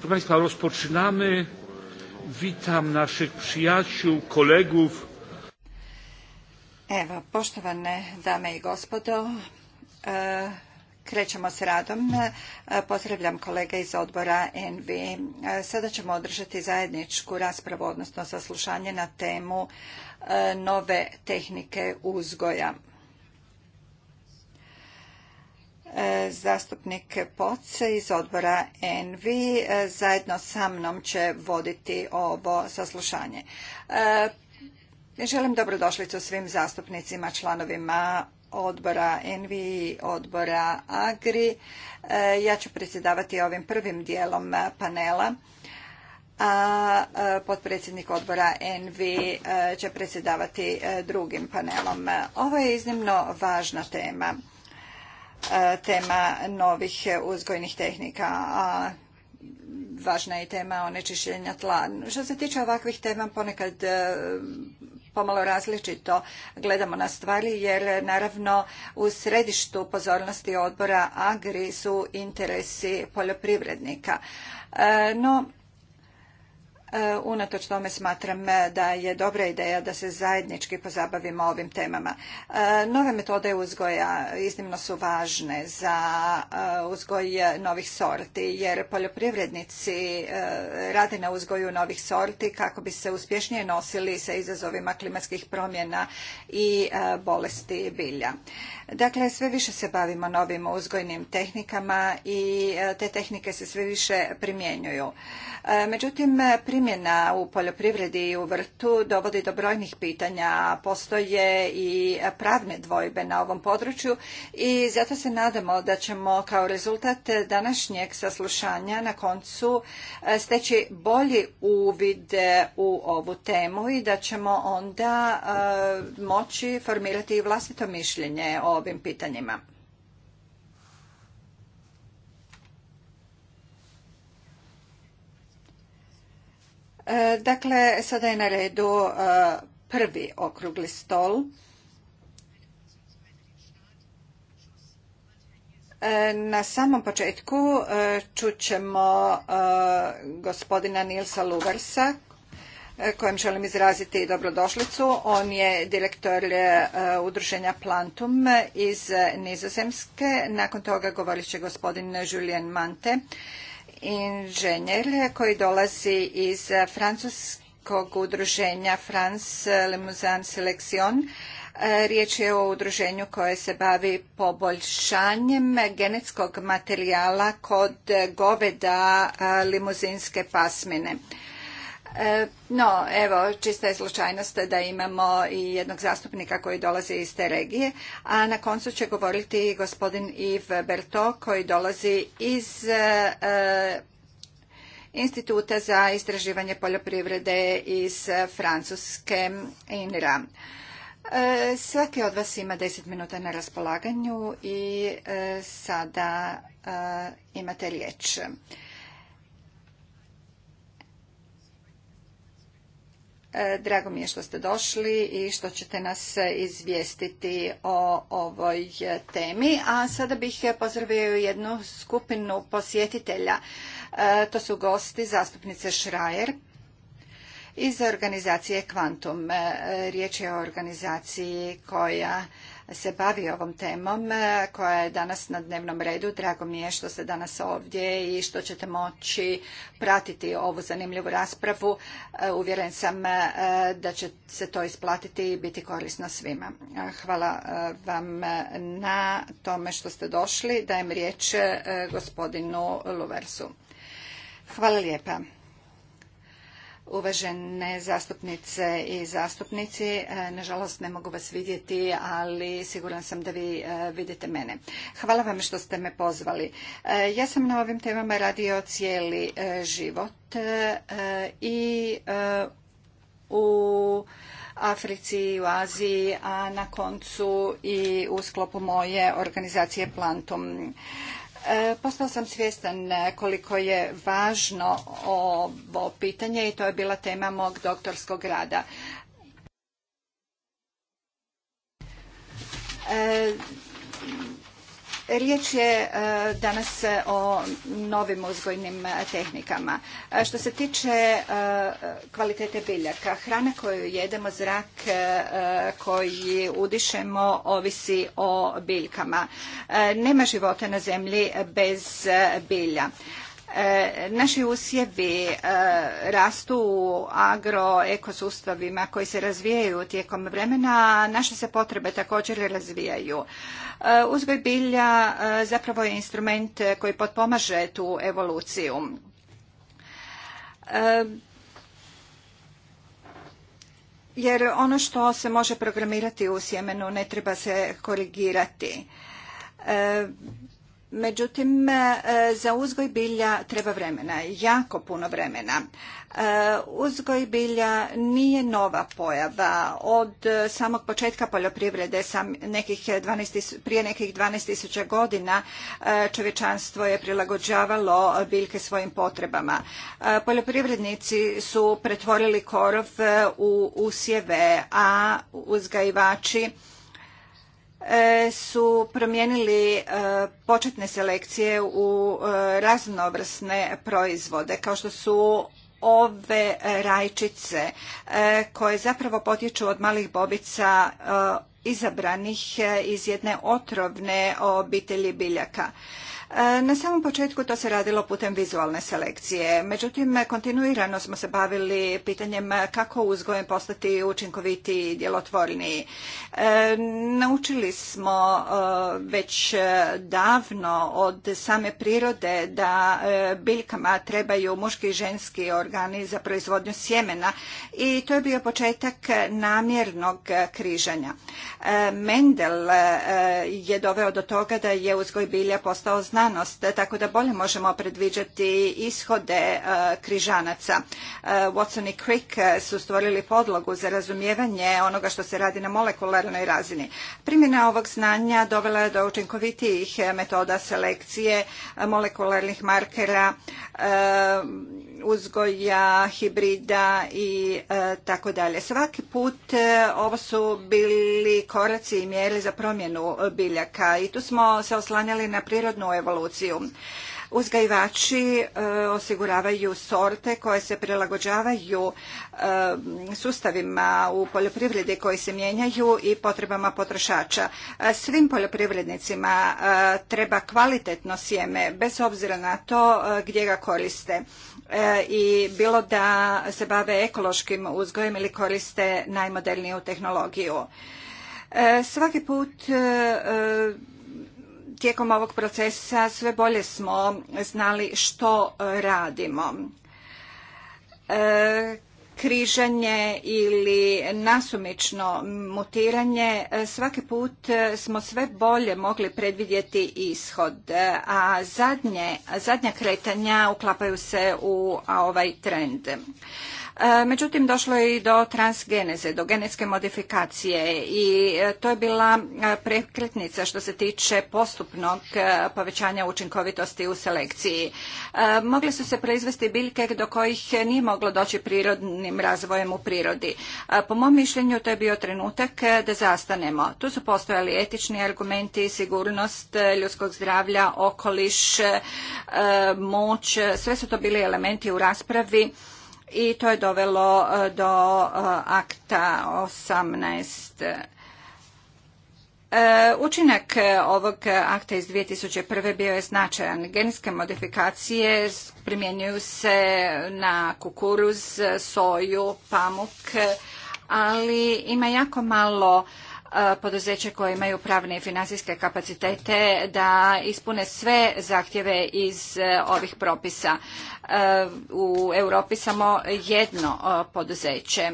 Proszę Państwa, rozpoczynamy. Witam naszych przyjaciół, kolegów. Evo, poštovane dame i gospodo, e, krećemo s radom. E, pozdravljam kolege iz odbora NV. E, sada ćemo održati zajedničku raspravu, odnosno saslušanje na temu nove tehnike uzgoja zastupnik Poc iz odbora NV e, zajedno sa mnom će voditi ovo saslušanje. E, želim dobrodošlicu svim zastupnicima, članovima odbora i odbora AGRI. E, ja ću predsjedavati ovim prvim dijelom panela a potpredsjednik odbora nv će predsjedavati drugim panelom. Ovo je iznimno važna tema. E, tema novih uzgojnih tehnika, a važna je tema onečišćenja tla. Što se tiče ovakvih tema, ponekad e, pomalo različito gledamo na stvari, jer naravno u središtu pozornosti odbora Agri su interesi poljoprivrednika. E, no, E, unatoč tome smatram e, da je dobra ideja da se zajednički pozabavimo ovim temama. E, nove metode uzgoja iznimno su važne za uzgoj novih sorti jer poljoprivrednici rade na uzgoju novih sorti kako bi se uspješnije nosili sa izazovima klimatskih promjena i bolesti bilja. Dakle, sve više se bavimo novim uzgojnim tehnikama i e, te tehnike se sve više primjenjuju. E, međutim, primjena u poljoprivredi i u vrtu dovodi do brojnih pitanja. Postoje i pravne dvojbe na ovom području i zato se nadamo da ćemo kao rezultat današnjeg saslušanja na koncu e, steći bolji uvid u ovu temu i da ćemo onda moći formirati i vlastito mišljenje o ovim pitanjima. E, dakle, sada je na redu e, prvi okrugli stol. E, na samom početku čućemo gospodina Nilsa Luversa kojem želim izraziti dobrodošlicu. On je direktor e, udruženja Plantum iz Nizozemske. Nakon toga govorit će gospodin Julien Mante, inženjer koji dolazi iz francuskog udruženja France Limousin Selection. E, riječ je o udruženju koje se bavi poboljšanjem genetskog materijala kod goveda e, limuzinske pasmine. E, no, evo, čista je slučajnost da imamo i jednog zastupnika koji dolazi iz te regije, a na koncu će govoriti gospodin Yves Berto koji dolazi iz e, Instituta za istraživanje poljoprivrede iz Francuske INRA. E, svaki od vas ima 10 minuta na raspolaganju i sada imate riječ. E, drago mi je što ste došli i što ćete nas izvijestiti o ovoj temi. A sada bih pozdravio jednu skupinu posjetitelja. E, to su gosti zastupnice Šrajer iz organizacije Kvantum. E, riječ je o organizaciji koja se bavi ovom temom e, koja je danas na dnevnom redu. Drago mi je što ste danas ovdje i što ćete moći pratiti ovu zanimljivu raspravu. E, uvjeren sam e, da će se to isplatiti i biti korisno svima. Hvala vam na tome što ste došli. Dajem riječ gospodinu Luversu. Hvala lijepa. Uvažene zastupnice i zastupnici, e, nažalost ne mogu vas vidjeti, ali siguran sam da vi e, vidite mene. Hvala vam što ste me pozvali. E, ja sam na ovim temama radio cijeli život i u Africi, i u Aziji, a na koncu i u sklopu moje organizacije Plantum. E, Postao sam svjestan e, koliko je važno ovo pitanje i to je bila tema mog doktorskog rada. E, Riječ je e, danas o novim uzgojnim tehnikama. E, što se tiče e, kvalitete biljaka, hrana koju jedemo, zrak koji udišemo, ovisi o biljkama. Nema života na zemlji bez bilja. E, naši usjevi e, rastu u agroekosustavima koji se razvijaju tijekom vremena, a naše se potrebe također razvijaju. E, uzgoj bilja zapravo je instrument koji potpomaže tu evoluciju. Jer ono što se može programirati u sjemenu ne treba se korigirati Međutim, e, za uzgoj bilja treba vremena, jako puno vremena. E, uzgoj bilja nije nova pojava. Od samog početka poljoprivrede sam nekih prije nekih 12.000 godina e, čovječanstvo je prilagođavalo biljke svojim potrebama. Poljoprivrednici su pretvorili korov u usjeve, a uzgajivači E, su promijenili e, početne selekcije u e, raznovrsne proizvode kao što su ove rajčice koje zapravo potječu od malih bobica izabranih iz jedne otrovne obitelji biljaka. E, na samom početku to se radilo putem vizualne selekcije. Međutim, kontinuirano smo se bavili pitanjem kako uzgojem postati učinkovitiji i djelotvorniji. E, naučili smo e, već davno od same prirode da biljkama trebaju muški i ženski organi za proizvodnju sjemena i to je bio početak namjernog križanja. Mendel je doveo do toga da je uzgoj bilja postao znanost, tako da bolje možemo predviđati ishode e, križanaca. E, Watson i Crick e, su stvorili podlogu za razumijevanje onoga što se radi na molekularnoj razini. Primjena ovog znanja dovela je do učinkovitijih metoda selekcije molekularnih markera uzgoja, hibrida i e, tako dalje. Svaki put e, ovo su bili koraci i mjere za promjenu e, biljaka i tu smo se oslanjali na prirodnu evoluciju. Uzgajivači osiguravaju sorte koje se prilagođavaju sustavima u poljoprivredi koji se mijenjaju i potrebama potrošača. Svim poljoprivrednicima treba kvalitetno sjeme bez obzira na to gdje ga koriste. E, i bilo da se bave ekološkim uzgojem ili koriste najmoderniju tehnologiju. E, svaki put e, tijekom ovog procesa sve bolje smo znali što radimo križanje ili nasumično mutiranje, e, svaki put e, smo sve bolje mogli predvidjeti ishod, e, a zadnje, zadnja kretanja uklapaju se u ovaj trend. E, međutim, došlo je i do transgeneze, do genetske modifikacije i e, to je bila e, prekretnica što se tiče postupnog povećanja učinkovitosti u selekciji. Mogle su se proizvesti biljke do kojih nije moglo doći prirodnim razvojem u prirodi. Po mom mišljenju to je bio trenutak da zastanemo. Tu su postojali etični argumenti, sigurnost ljudskog zdravlja, okoliš, moć, sve su to bili elementi u raspravi i to je dovelo e, do e, akta 18. E, učinak ovog akta iz 2001. bio je značajan. Genetske modifikacije primjenjuju se na kukuruz, soju, pamuk, ali ima jako malo poduzeća koje imaju pravne i financijske kapacitete da ispune sve zahtjeve iz e, ovih propisa. E, u Europi samo jedno e, poduzeće.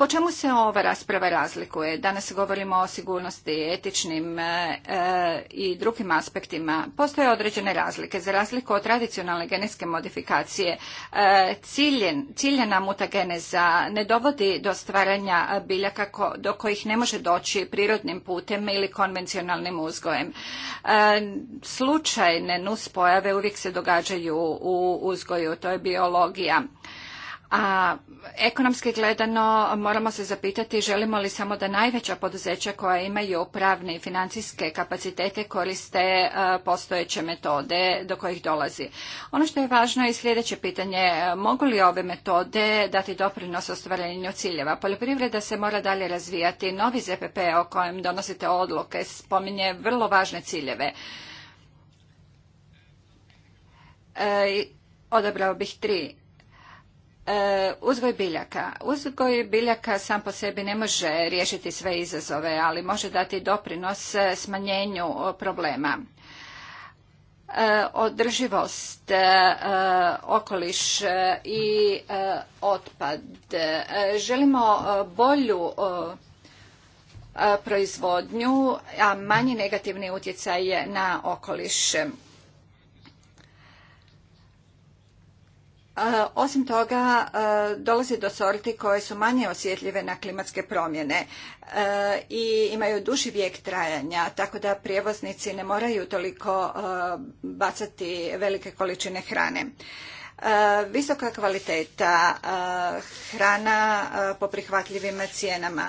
Po čemu se ova rasprava razlikuje? Danas govorimo o sigurnosti, etičnim e, e, i drugim aspektima. Postoje određene razlike. Za razliku od tradicionalne genetske modifikacije, e, ciljen, ciljena mutageneza ne dovodi do stvaranja biljaka do kojih ne može doći prirodnim putem ili konvencionalnim uzgojem. E, slučajne nuspojave uvijek se događaju u uzgoju, to je biologija. A ekonomski gledano moramo se zapitati želimo li samo da najveća poduzeća koja imaju pravne i financijske kapacitete koriste e, postojeće metode do kojih dolazi. Ono što je važno je sljedeće pitanje. Mogu li ove metode dati doprinos ostvarenju ciljeva? Poljoprivreda se mora dalje razvijati. Novi ZPP o kojem donosite odluke spominje vrlo važne ciljeve. E, odabrao bih tri E, uzgoj biljaka. Uzgoj biljaka sam po sebi ne može riješiti sve izazove, ali može dati doprinos smanjenju problema. Održivost, okoliš i otpad. Želimo bolju proizvodnju, a manji negativni utjecaj na okoliš. E, osim toga, e, dolazi do sorti koje su manje osjetljive na klimatske promjene e, i imaju duži vijek trajanja, tako da prijevoznici ne moraju toliko bacati velike količine hrane. Visoka kvaliteta, hrana po prihvatljivim cijenama,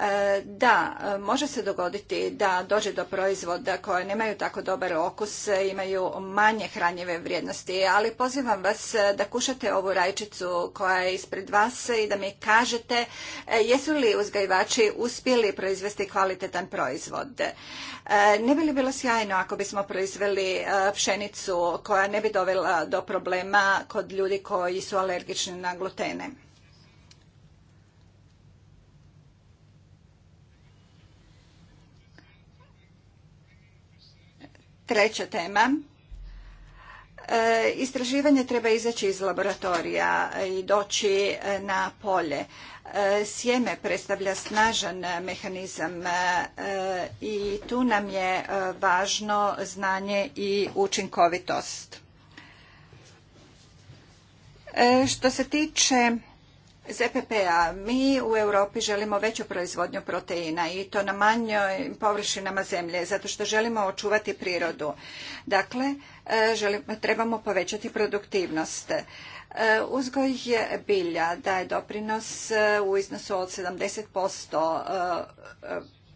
E, da, e, može se dogoditi da dođe do proizvoda koje nemaju tako dobar okus, e, imaju manje hranjive vrijednosti, ali pozivam vas da kušate ovu rajčicu koja je ispred vas i da mi kažete jesu li uzgajivači uspjeli proizvesti kvalitetan proizvod. Ne bi li bilo sjajno ako bismo proizveli pšenicu koja ne bi dovela do problema kod ljudi koji su alergični na glutene? Treća tema. E, istraživanje treba izaći iz laboratorija i doći e, na polje. E, sjeme predstavlja snažan mehanizam i tu nam je važno znanje i učinkovitost. Što se tiče ZPP-a. Mi u Europi želimo veću proizvodnju proteina i to na manjoj površinama zemlje, zato što želimo očuvati prirodu. Dakle, e, trebamo povećati produktivnost. E, uzgoj je bilja daje doprinos e, u iznosu od 70%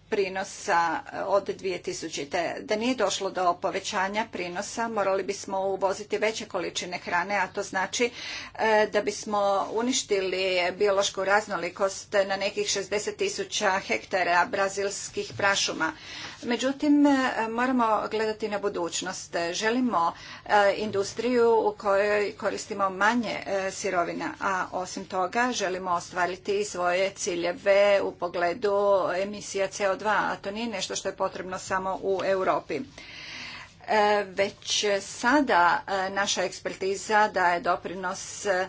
prinosa eh, od 2000. Da nije došlo do povećanja prinosa, morali bismo uvoziti veće količine hrane, a to znači eh, da bismo uništili biološku raznolikost na nekih 60 tisuća hektara brazilskih prašuma. Međutim, eh, moramo gledati na budućnost. Želimo industriju u kojoj koristimo manje sirovina, a osim toga želimo ostvariti svoje ciljeve u pogledu emisija CO2 a to nije nešto što je potrebno samo u Europi. E, već sada e, naša ekspertiza daje doprinos e,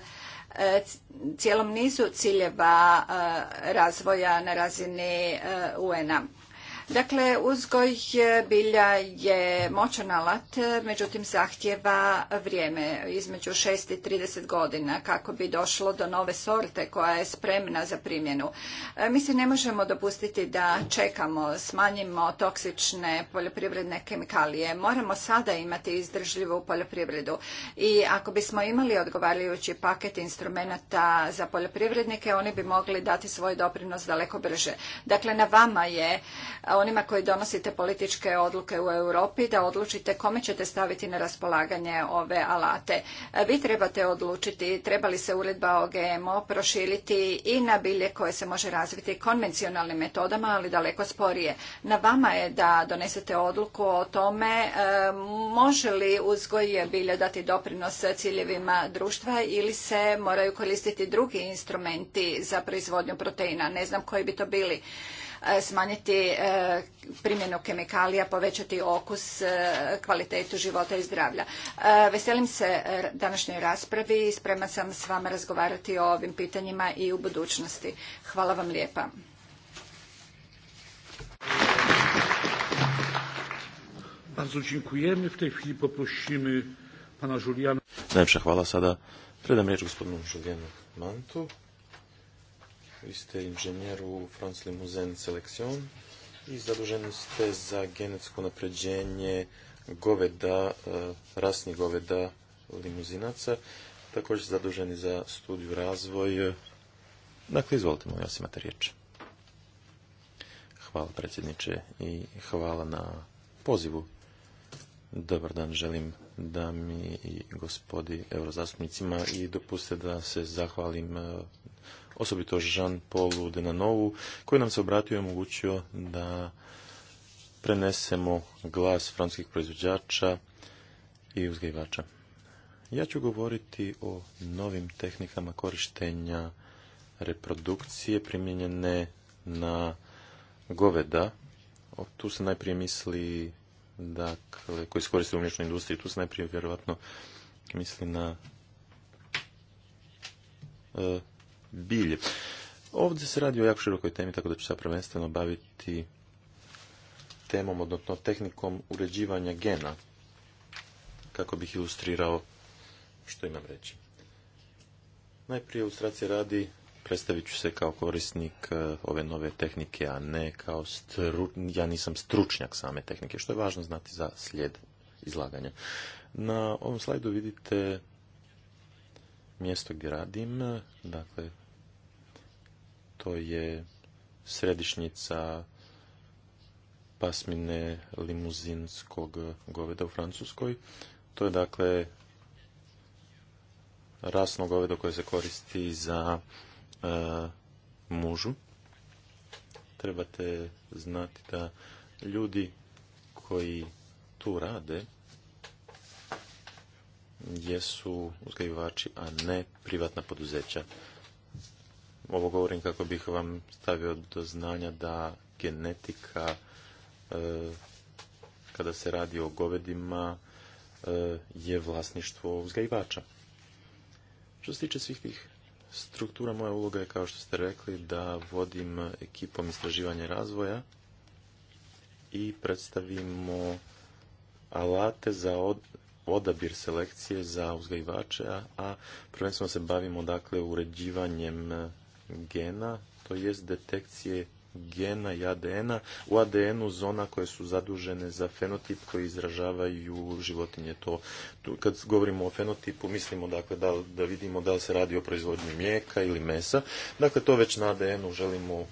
cijelom nizu ciljeva razvoja na razini UN-a. Dakle, uzgoj bilja je moćan alat, međutim zahtjeva vrijeme između 6 i 30 godina kako bi došlo do nove sorte koja je spremna za primjenu. E, mi se ne možemo dopustiti da čekamo, smanjimo toksične poljoprivredne kemikalije. Moramo sada imati izdržljivu poljoprivredu i ako bismo imali odgovarajući paket instrumenata za poljoprivrednike, oni bi mogli dati svoj doprinos daleko brže. Dakle, na vama je onima koji donosite političke odluke u Europi da odlučite kome ćete staviti na raspolaganje ove alate. E, vi trebate odlučiti treba li se uredba o GMO proširiti i na bilje koje se može razviti konvencionalnim metodama, ali daleko sporije. Na vama je da donesete odluku o tome e, može li uzgoj bilja dati doprinos ciljevima društva ili se moraju koristiti drugi instrumenti za proizvodnju proteina. Ne znam koji bi to bili. E, smanjiti e, primjenu kemikalija, povećati okus, e, kvalitetu života i zdravlja. Veselim se današnjoj raspravi i sprema sam s vama razgovarati o ovim pitanjima i u budućnosti. Hvala vam lijepa. Bardzo dziękujemy. W tej chwili poprosimy pana Juliana. Najlepsza chwała sada. przedam riječ gospodinu Julianu Mantu. Vi ste inženjer u Francli Limousin Selection i zaduženi ste za genetsko napređenje goveda, e, rasnih goveda limuzinaca. Također ste zaduženi za studiju razvoj. Dakle, izvolite molim vas, imate riječ. Hvala predsjedniče i hvala na pozivu. Dobar dan, želim da mi i gospodi eurozastupnicima i dopuste da se zahvalim e, osobito Žan Polu Denanovu koji nam se obratio i omogućio da prenesemo glas francuskih proizvođača i uzgajivača. Ja ću govoriti o novim tehnikama korištenja reprodukcije primijenjene na goveda. Tu se najprije misli dakle, koji se koriste u mliječnoj industriji. Tu se najprije vjerojatno misli na e, bilje. Ovdje se radi o jako širokoj temi, tako da ću se prvenstveno baviti temom, odnosno tehnikom uređivanja gena, kako bih ilustrirao što imam reći. Najprije ilustracija radi predstavit ću se kao korisnik e, ove nove tehnike, a ne kao ja nisam stručnjak same tehnike, što je važno znati za slijed izlaganja. Na ovom slajdu vidite mjesto gdje radim, dakle, to je središnjica pasmine limuzinskog goveda u Francuskoj. To je dakle rasno govedo koje se koristi za E, mužu. Trebate znati da ljudi koji tu rade jesu uzgajivači, a ne privatna poduzeća. Ovo govorim kako bih vam stavio do znanja da genetika e, kada se radi o govedima e, je vlasništvo uzgajivača. Što se tiče svih tih struktura moja uloga je, kao što ste rekli, da vodim ekipom istraživanja razvoja i predstavimo alate za odabir selekcije za uzgajivače, a prvenstveno se bavimo dakle uređivanjem gena, to jest detekcije gena i ADN-a u ADN-u zona koje su zadužene za fenotip koji izražavaju životinje. To, kad govorimo o fenotipu mislimo dakle da, da vidimo da li se radi o proizvodnji mlijeka ili mesa. Dakle to već na ADN-u želimo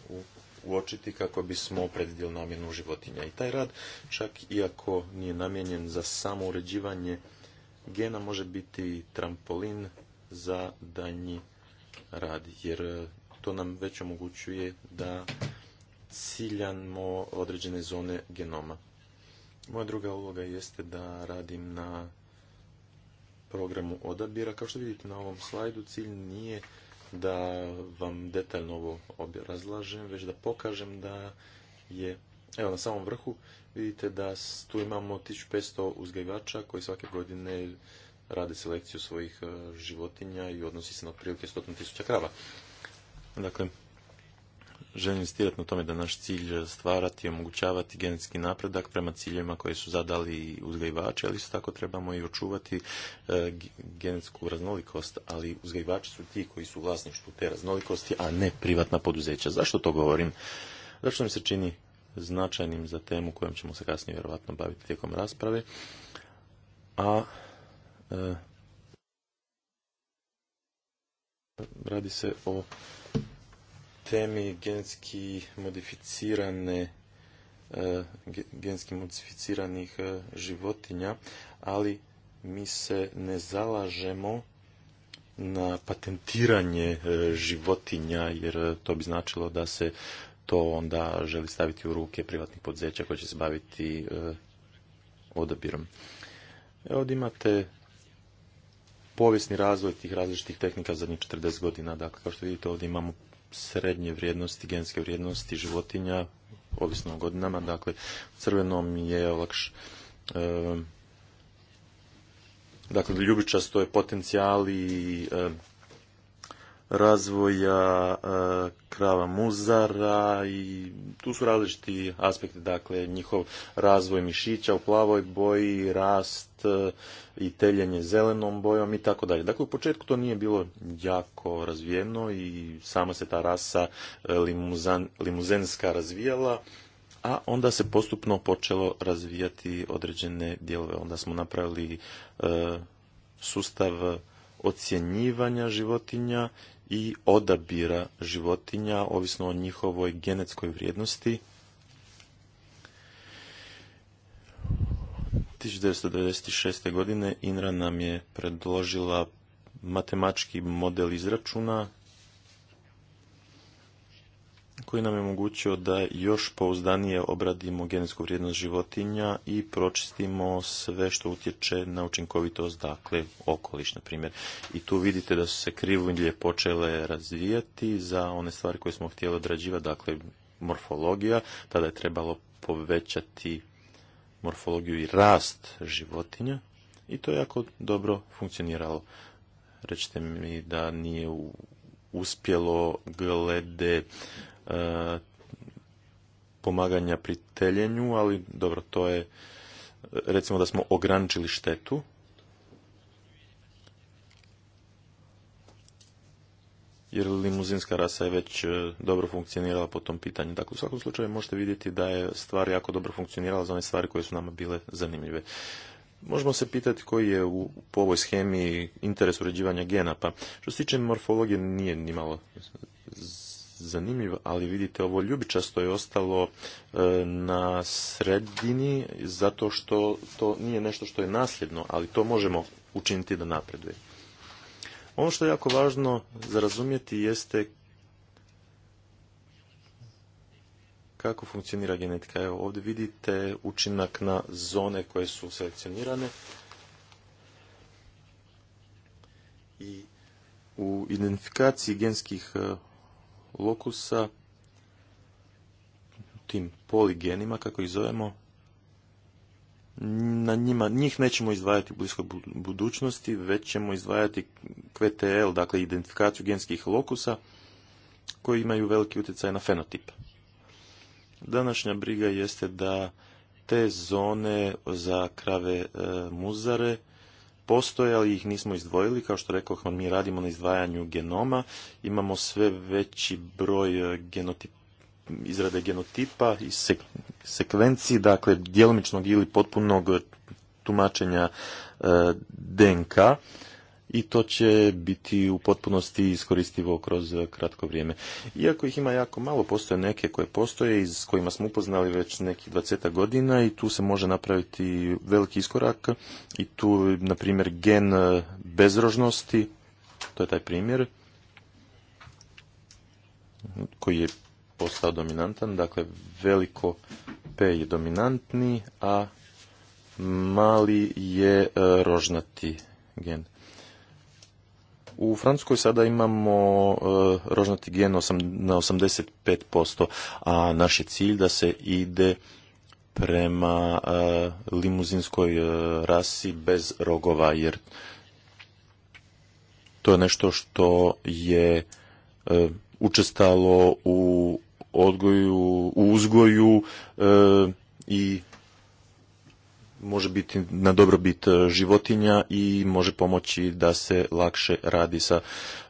uočiti kako bismo predvidjeli namjenu životinja. I taj rad čak iako nije namijenjen za samo uređivanje gena može biti trampolin za danji rad, jer to nam već omogućuje da ciljamo određene zone genoma. Moja druga uloga jeste da radim na programu odabira. Kao što vidite na ovom slajdu, cilj nije da vam detaljno ovo razlažem, već da pokažem da je, evo na samom vrhu, vidite da tu imamo 1500 uzgajivača koji svake godine rade selekciju svojih e, životinja i odnosi se na otprilike 100.000 krava. Dakle, želim insistirati na tome da naš cilj stvarati i omogućavati genetski napredak prema ciljevima koje su zadali uzgajivači, ali isto tako trebamo i očuvati e, genetsku raznolikost, ali uzgajivači su ti koji su u vlasništvu te raznolikosti, a ne privatna poduzeća. Zašto to govorim? Zašto mi se čini značajnim za temu kojom ćemo se kasnije vjerojatno baviti tijekom rasprave? A e, radi se o temi genetski modificirane e, genski modificiranih e, životinja, ali mi se ne zalažemo na patentiranje e, životinja, jer to bi značilo da se to onda želi staviti u ruke privatnih podzeća koji će se baviti odabirom. Evo ovdje imate povijesni razvoj tih različitih tehnika zadnjih 40 godina. Dakle, kao što vidite ovdje imamo srednje vrijednosti, genske vrijednosti životinja, ovisno o godinama. Dakle, crvenom je lakš... E, dakle, ljubičasto je potencijal i eh, razvoja e, krava muzara i tu su različiti aspekti, dakle njihov razvoj mišića u plavoj boji, rast e, i teljenje zelenom bojom i tako dalje. Dakle, u početku to nije bilo jako razvijeno i sama se ta rasa e, limuzan, limuzenska razvijala, a onda se postupno počelo razvijati određene dijelove. Onda smo napravili sustav ocjenjivanja životinja i odabira životinja, ovisno o njihovoj genetskoj vrijednosti. 1996. godine INRA nam je predložila matematički model izračuna koji nam je omogućio da još pouzdanije obradimo genetsku vrijednost životinja i pročistimo sve što utječe na učinkovitost, dakle okoliš, na primjer. I tu vidite da su se krivulje počele razvijati za one stvari koje smo htjeli odrađivati, dakle morfologija, tada je trebalo povećati morfologiju i rast životinja i to je jako dobro funkcioniralo. Recite mi da nije uspjelo glede E, pomaganja pri teljenju, ali dobro, to je recimo da smo ograničili štetu. Jer limuzinska rasa je već e, dobro funkcionirala po tom pitanju. Dakle, u svakom slučaju možete vidjeti da je stvar jako dobro funkcionirala za one stvari koje su nama bile zanimljive. Možemo se pitati koji je u, po ovoj schemi interes uređivanja gena, pa što se tiče morfologije nije nimalo zanimljiv, ali vidite ovo ljubičasto je ostalo e, na sredini zato što to nije nešto što je nasljedno, ali to možemo učiniti da napreduje. Ono što je jako važno za razumjeti jeste kako funkcionira genetika. Evo ovdje vidite učinak na zone koje su selekcionirane i u identifikaciji genskih e, lokusa tim poligenima, kako ih zovemo, na njima, njih nećemo izdvajati u bliskoj budućnosti, već ćemo izdvajati QTL, dakle identifikaciju genskih lokusa, koji imaju veliki utjecaj na fenotip. Današnja briga jeste da te zone za krave e, muzare postoje, ali ih nismo izdvojili. Kao što rekao, mi radimo na izdvajanju genoma. Imamo sve veći broj e, izrade genotipa i sek, sekvenciji, dakle, djelomičnog ili potpunog tumačenja e, DNK i to će biti u potpunosti iskoristivo kroz kratko vrijeme. Iako ih ima jako malo, postoje neke koje postoje i s kojima smo upoznali već nekih 20 godina i tu se može napraviti veliki iskorak i tu, na primjer, gen bezrožnosti, to je taj primjer koji je postao dominantan, dakle veliko P je dominantni, a mali je e, rožnati gen. U Francuskoj sada imamo e, rožnati gen na 85%, a naš je cilj da se ide prema e, limuzinskoj e, rasi bez rogova, jer to je nešto što je učestalo u odgoju, u uzgoju i može biti na dobrobit e, životinja i može pomoći da se lakše radi sa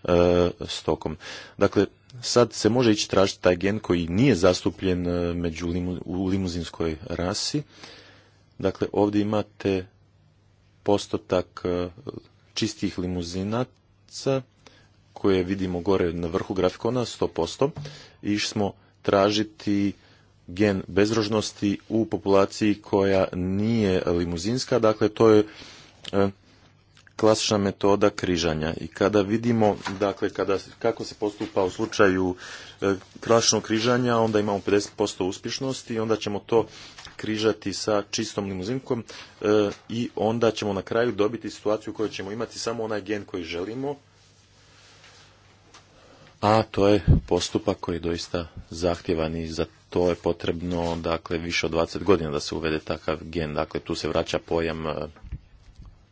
e, stokom. Dakle, sad se može ići tražiti taj gen koji nije zastupljen e, među u limuzinskoj rasi. Dakle, ovdje imate postotak čistih limuzinaca koje vidimo gore na vrhu grafikona, 100%. I išli smo tražiti gen bezrožnosti u populaciji koja nije limuzinska, dakle to je e, klasična metoda križanja i kada vidimo dakle kada, kako se postupa u slučaju e, klasičnog križanja onda imamo 50% uspješnosti i onda ćemo to križati sa čistom limuzinkom e, i onda ćemo na kraju dobiti situaciju u kojoj ćemo imati samo onaj gen koji želimo a to je postupak koji je doista zahtjevan i za to je potrebno dakle više od 20 godina da se uvede takav gen. Dakle, tu se vraća pojam e,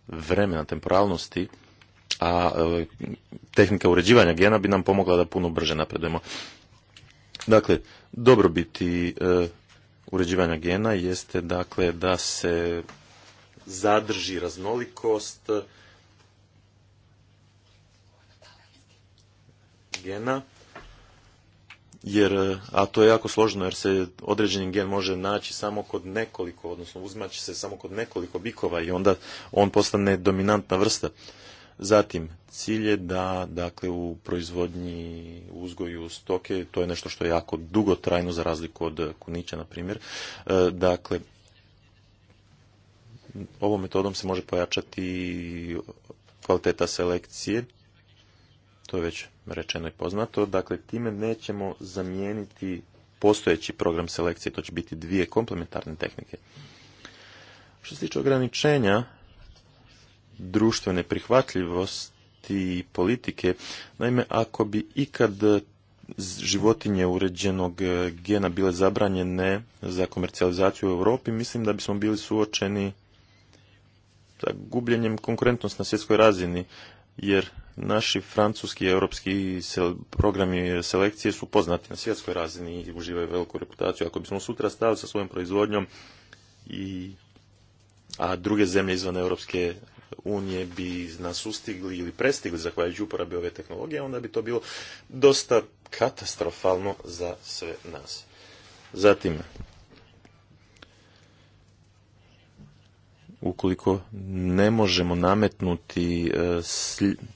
vremena temporalnosti, a e, tehnika uređivanja gena bi nam pomogla da puno brže napredujemo. Dakle, dobrobiti e, uređivanja gena jeste dakle da se zadrži raznolikost gena, jer, e, a to je jako složeno jer se određeni gen može naći samo kod nekoliko, odnosno uzmaći se samo kod nekoliko bikova i onda on postane dominantna vrsta. Zatim, cilj je da dakle, u proizvodnji uzgoju stoke, to je nešto što je jako dugotrajno za razliku od kunića, na primjer, e, dakle, ovom metodom se može pojačati kvaliteta selekcije to je već rečeno i poznato, dakle time nećemo zamijeniti postojeći program selekcije, to će biti dvije komplementarne tehnike. Što se tiče ograničenja društvene prihvatljivosti i politike, naime, ako bi ikad životinje uređenog gena bile zabranjene za komercijalizaciju u Europi, mislim da bismo bili suočeni sa gubljenjem konkurentnosti na svjetskoj razini jer naši francuski i europski programi selekcije su poznati na svjetskoj razini i uživaju veliku reputaciju. Ako bismo sutra stali sa svojom proizvodnjom i a druge zemlje izvan Europske unije bi nas sustigli ili prestigli zahvaljujući uporabe ove tehnologije, onda bi to bilo dosta katastrofalno za sve nas. Zatim, ukoliko ne možemo nametnuti e,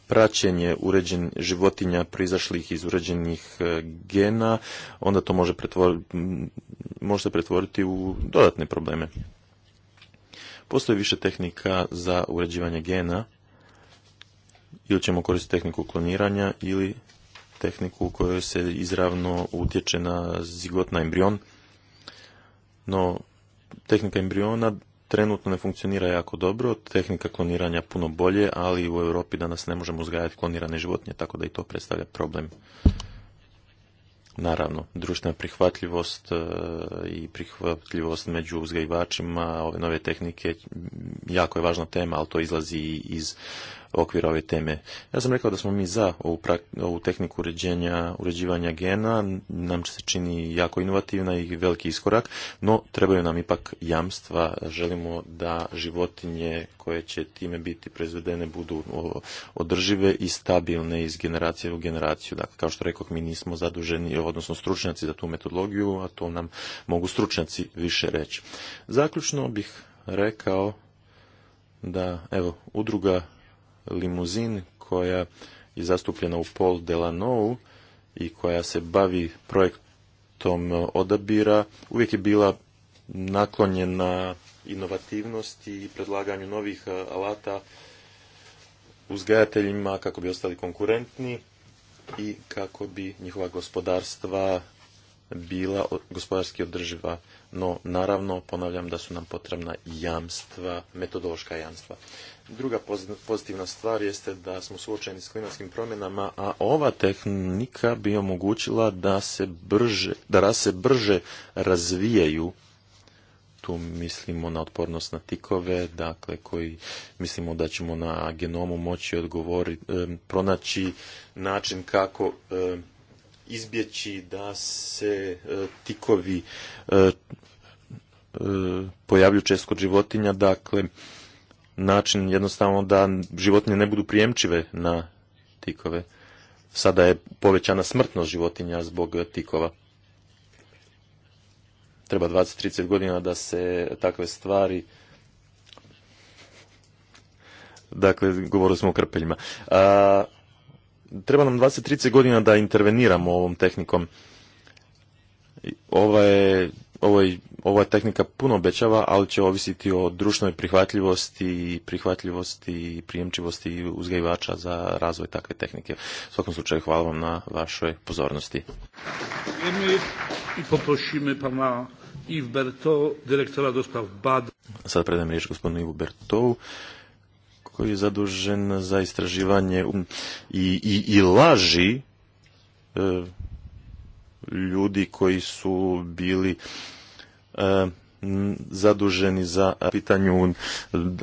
praćenje uređen, životinja proizašlih iz uređenih e, gena, onda to može, pretvor, može se pretvoriti u dodatne probleme. Postoji više tehnika za uređivanje gena, ili ćemo koristiti tehniku kloniranja ili tehniku u kojoj se izravno utječe na zigot na embrion. No, tehnika embriona trenutno ne funkcionira jako dobro, tehnika kloniranja puno bolje, ali u Europi danas ne možemo uzgajati klonirane životinje, tako da i to predstavlja problem. Naravno, društvena prihvatljivost e, i prihvatljivost među uzgajivačima, ove nove tehnike, jako je važna tema, ali to izlazi iz okvira ove teme. Ja sam rekao da smo mi za ovu, ovu tehniku uređenja, uređivanja gena, nam se čini jako inovativna i veliki iskorak, no trebaju nam ipak jamstva, želimo da životinje koje će time biti proizvedene budu održive i stabilne iz generacije u generaciju. Dakle, kao što rekoh, mi nismo zaduženi, odnosno stručnjaci za tu metodologiju, a to nam mogu stručnjaci više reći. Zaključno bih rekao da evo udruga limuzin koja je zastupljena u Pol Delanovu i koja se bavi projektom odabira, uvijek je bila naklonjena inovativnosti i predlaganju novih e, alata uzgajateljima kako bi ostali konkurentni i kako bi njihova gospodarstva bila gospodarski održiva no naravno ponavljam da su nam potrebna jamstva, metodološka jamstva. Druga pozitivna stvar jeste da smo suočeni s klimatskim promjenama, a ova tehnika bi omogućila da se brže, da rase brže razvijaju tu mislimo na otpornost na tikove, dakle koji mislimo da ćemo na genomu moći odgovoriti, pronaći način kako izbjeći da se e, tikovi e, e, pojavljuju često kod životinja, dakle način jednostavno da životinje ne budu prijemčive na tikove. Sada je povećana smrtnost životinja zbog tikova. Treba 20-30 godina da se takve stvari Dakle, govorili smo o krpeljima. A, treba nam 20-30 godina da interveniramo ovom tehnikom. Ova je, ovo je, ova tehnika puno obećava, ali će ovisiti o društvenoj prihvatljivosti, prihvatljivosti i prijemčivosti uzgajivača za razvoj takve tehnike. U svakom slučaju hvala vam na vašoj pozornosti. I pana Berto, direktora BAD. predajem riječ gospodinu Ivu Bertovu, koji je zadužen za istraživanje um, i, i, laži e, ljudi koji su bili e, zaduženi za e, pitanju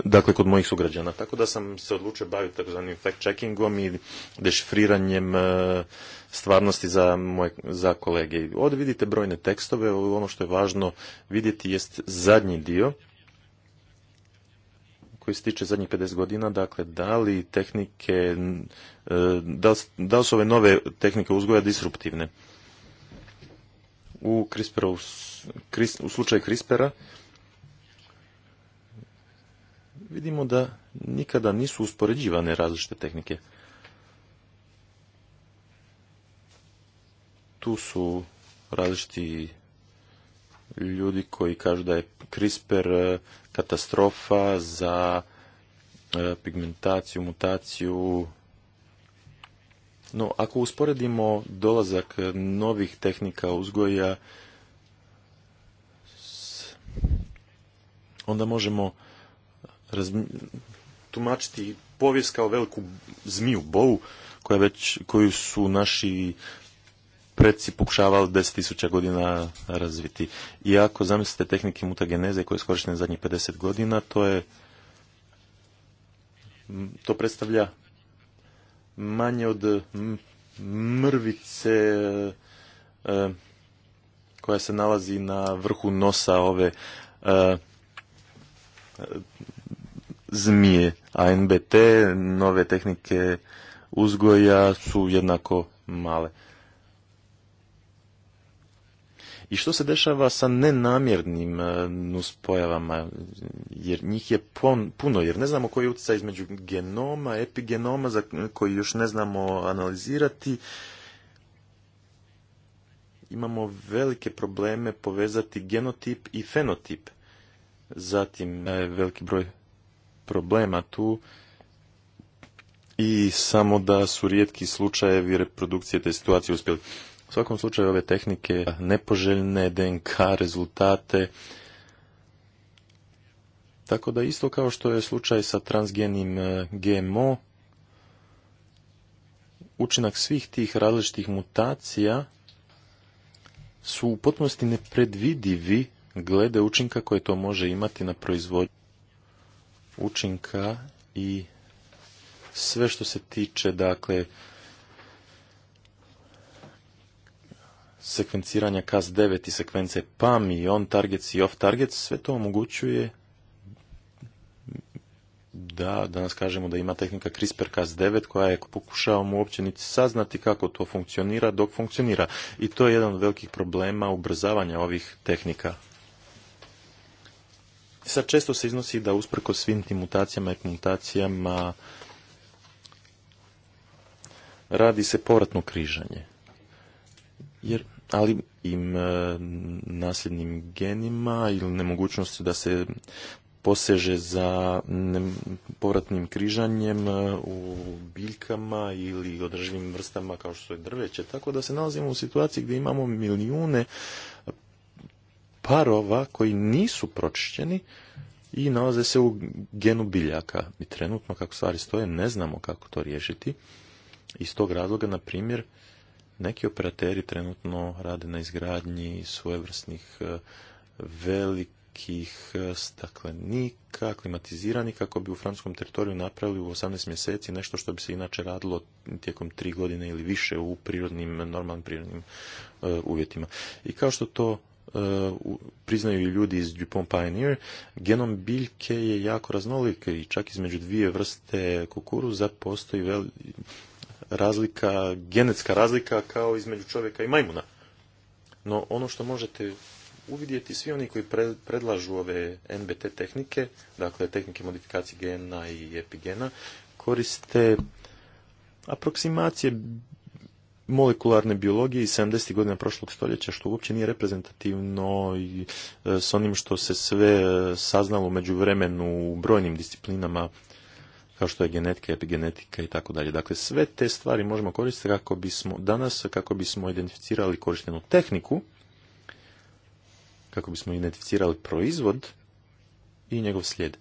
dakle kod mojih sugrađana. Tako da sam se odlučio baviti takozvanim fact checkingom i dešifriranjem stvarnosti za moje za kolege. Ovdje vidite brojne tekstove, ono što je važno vidjeti jest zadnji dio koji se tiče zadnjih 50 godina, dakle, da li tehnike, e, da, li su ove nove tehnike uzgoja disruptivne? U, u slučaju CRISPR-a vidimo da nikada nisu uspoređivane različite tehnike. Tu su različiti ljudi koji kažu da je CRISPR eh, katastrofa za eh, pigmentaciju, mutaciju. No, ako usporedimo dolazak eh, novih tehnika uzgoja, onda možemo tumačiti povijest kao veliku zmiju, bovu, koja već, koju su naši preci pokušavali tisuća godina razviti. I ako zamislite tehnike mutageneze koje je korištene zadnjih 50 godina, to je to predstavlja manje od mrvice e, koja se nalazi na vrhu nosa ove e, zmije ANBT, nove tehnike uzgoja su jednako male. I što se dešava sa nenamjernim e, nuspojavama, jer njih je puno, jer ne znamo koji je utjecaj između genoma, epigenoma, za koji još ne znamo analizirati. Imamo velike probleme povezati genotip i fenotip. Zatim je veliki broj problema tu i samo da su rijetki slučajevi reprodukcije te situacije uspjeli svakom slučaju ove tehnike nepoželjne DNK rezultate, tako da isto kao što je slučaj sa transgenim e, GMO, učinak svih tih različitih mutacija su u potpunosti nepredvidivi glede učinka koje to može imati na proizvodnju učinka i sve što se tiče dakle sekvenciranja CAS9 i sekvence PAM i on targets i off targets, sve to omogućuje da danas kažemo da ima tehnika CRISPR-Cas9 koja je pokušavamo uopće niti saznati kako to funkcionira dok funkcionira. I to je jedan od velikih problema ubrzavanja ovih tehnika. Sad često se iznosi da usprko svim tim mutacijama i mutacijama radi se povratno križanje. Jer ali im e, nasljednim genima ili nemogućnosti da se poseže za povratnim križanjem e, u biljkama ili održivim vrstama kao što je drveće. Tako da se nalazimo u situaciji gdje imamo milijune parova koji nisu pročišćeni i nalaze se u genu biljaka. I trenutno kako stvari stoje ne znamo kako to riješiti. Iz tog razloga, na primjer, neki operateri trenutno rade na izgradnji svojevrsnih e, velikih e, staklenika, klimatiziranih, kako bi u francuskom teritoriju napravili u 18 mjeseci nešto što bi se inače radilo tijekom tri godine ili više u prirodnim, normalnim prirodnim e, uvjetima. I kao što to priznaju i ljudi iz Dupont Pioneer, genom biljke je jako raznolik i čak između dvije vrste kukuruza postoji razlika, genetska razlika kao između čovjeka i majmuna. No ono što možete uvidjeti svi oni koji predlažu ove NBT tehnike, dakle tehnike modifikacije gena i epigena, koriste aproksimacije molekularne biologije iz 70. godina prošlog stoljeća, što uopće nije reprezentativno i e, s onim što se sve e, saznalo među vremenu u brojnim disciplinama kao što je genetika, epigenetika i tako dalje. Dakle, sve te stvari možemo koristiti kako bismo danas, kako bismo identificirali korištenu tehniku, kako bismo identificirali proizvod i njegov slijed.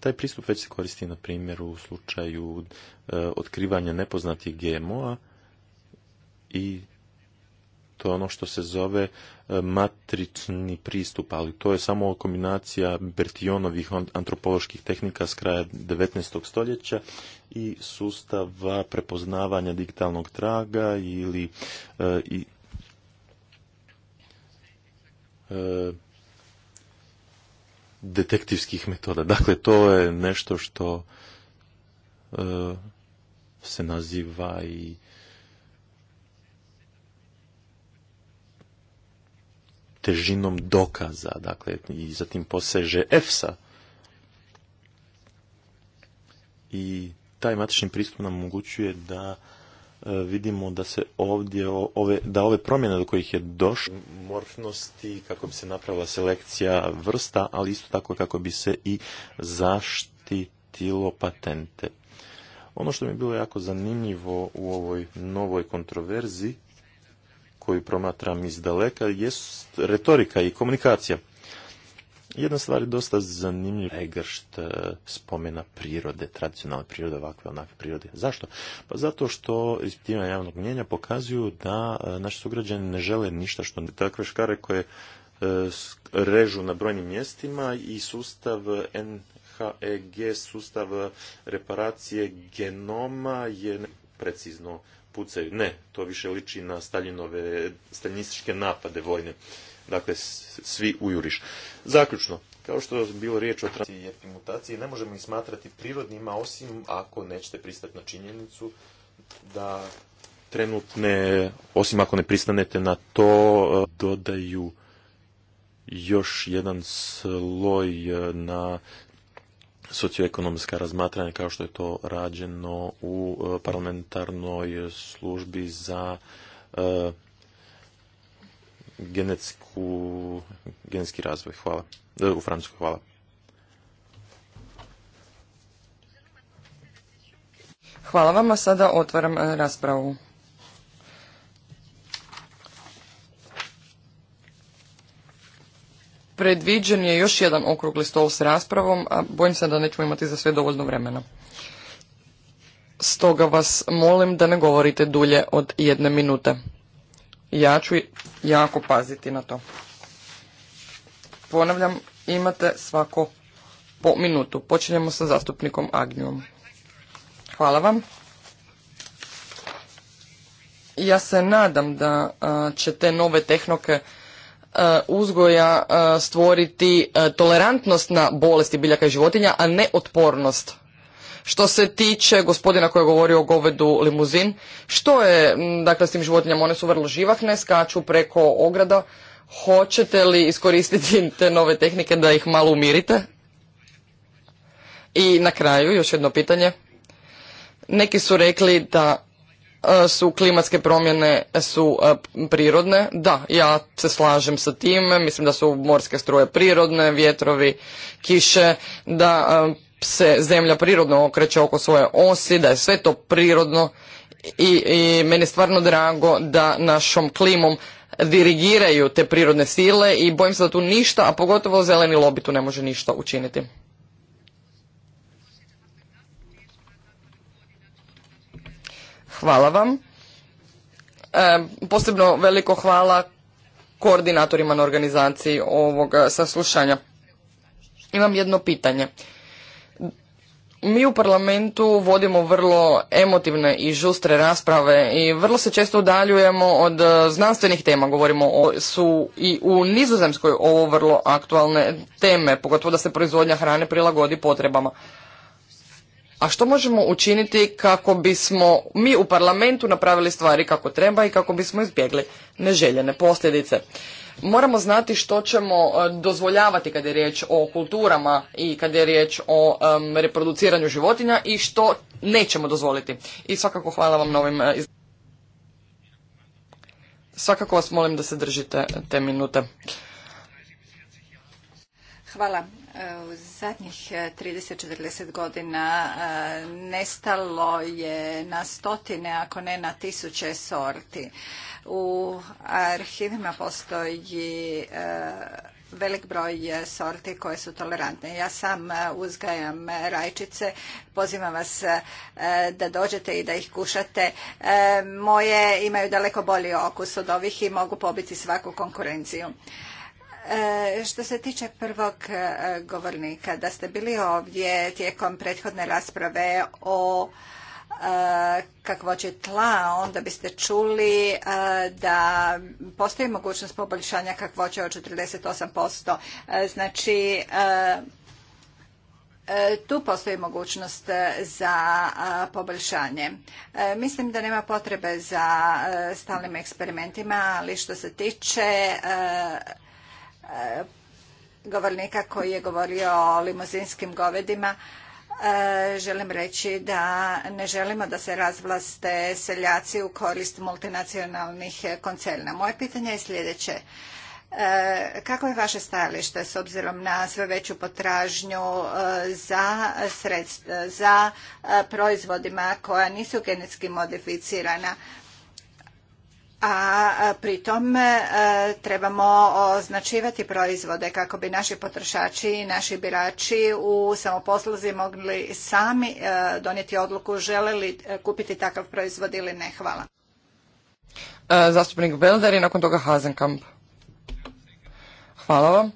Taj pristup već se koristi, na primjer, u slučaju e, otkrivanja nepoznatih GMO-a i to je ono što se zove e, matrični pristup, ali to je samo kombinacija Bertionovih antropoloških tehnika s kraja 19. stoljeća i sustava prepoznavanja digitalnog traga ili e, i, e, detektivskih metoda. Dakle, to je nešto što se naziva i težinom dokaza, dakle, i zatim poseže EFSA. I taj matični pristup nam omogućuje da e, vidimo da se ovdje da ove promjene do kojih je došlo morfnosti kako bi se napravila selekcija vrsta, ali isto tako kako bi se i zaštitilo patente. Ono što mi je bilo jako zanimljivo u ovoj novoj kontroverzi koju promatram iz daleka je retorika i komunikacija. Jedna stvar je dosta zanimljiva, Egršt e, spomena prirode, tradicionalne prirode, ovakve, onakve prirode. Zašto? Pa zato što ispitivanja javnog mnjenja pokazuju da e, naši sugrađani ne žele ništa što ne takve škare koje e, režu na brojnim mjestima i sustav NHEG, sustav reparacije genoma je precizno pucaju. Ne, to više liči na staljinove, staljinističke napade vojne. Dakle, svi ujuriš. Zaključno, kao što je bilo riječ o tranziciji i mutaciji, ne možemo ih smatrati prirodnima, osim ako nećete pristati na činjenicu da trenutne, osim ako ne pristanete na to, dodaju još jedan sloj eh, na socioekonomska razmatranja kao što je to rađeno u e, parlamentarnoj službi za e, genetsku, genetski razvoj. Hvala. E, u Francusku, hvala. Hvala vam, a sada otvaram raspravu. predviđen je još jedan okrugli stol s raspravom, a bojim se da nećemo imati za sve dovoljno vremena. Stoga vas molim da ne govorite dulje od jedne minute. Ja ću jako paziti na to. Ponavljam, imate svako po minutu. Počinjemo sa zastupnikom Agnijom. Hvala vam. Ja se nadam da će te nove tehnoke E, uzgoja e, stvoriti e, tolerantnost na bolesti biljaka i životinja, a ne otpornost. Što se tiče gospodina koji je govorio o govedu limuzin, što je dakle s tim životinjama? One su vrlo živahne, skaču preko ograda. Hoćete li iskoristiti te nove tehnike da ih malo umirite? I na kraju još jedno pitanje. Neki su rekli da E, su klimatske promjene su e, prirodne. Da, ja se slažem sa time. Mislim da su morske struje prirodne, vjetrovi, kiše, da e, se zemlja prirodno okreće oko svoje osi, da je sve to prirodno i, i meni je stvarno drago da našom klimom dirigiraju te prirodne sile i bojim se da tu ništa, a pogotovo zeleni lobby tu ne može ništa učiniti. Hvala vam. E, posebno veliko hvala koordinatorima na organizaciji ovog e, saslušanja. Imam jedno pitanje. Mi u parlamentu vodimo vrlo emotivne i žustre rasprave i vrlo se često udaljujemo od e, znanstvenih tema. Govorimo o su i u nizozemskoj ovo vrlo aktualne teme, pogotovo da se proizvodnja hrane prilagodi potrebama. A što možemo učiniti kako bismo mi u parlamentu napravili stvari kako treba i kako bismo izbjegli neželjene posljedice? Moramo znati što ćemo e, dozvoljavati kad je riječ o kulturama i kad je riječ o reproduciranju životinja i što nećemo dozvoliti. I svakako hvala vam na ovim e, Svakako vas molim da se držite te minute. Hvala. U zadnjih 30-40 e, godina e, nestalo je na stotine, ako ne na tisuće sorti. U arhivima postoji e, velik broj sorti koje su tolerantne. Ja sam uzgajam rajčice, pozivam vas da dođete i da ih kušate. Moje imaju daleko bolji okus od ovih i mogu pobiti svaku konkurenciju. E, što se tiče prvog e, govornika, da ste bili ovdje tijekom prethodne rasprave o e, kakvoći tla, onda biste čuli da postoji mogućnost poboljšanja kakvoće od 48%. Znači, tu postoji mogućnost za poboljšanje. Mislim da nema potrebe za stalnim eksperimentima, ali što se tiče E, govornika koji je govorio o limuzinskim govedima e, želim reći da ne želimo da se razvlaste seljaci u korist multinacionalnih koncerna. Moje pitanje je sljedeće. E, kako je vaše stajalište s obzirom na sve veću potražnju za, sredstva, za proizvodima koja nisu genetski modificirana? a pritom e, trebamo označivati proizvode kako bi naši potrošači i naši birači u samoposluzi mogli sami e, donijeti odluku žele li e, kupiti takav proizvod ili ne. Hvala. Zastupnik Belder i nakon toga Hazenkamp. Hvala vam.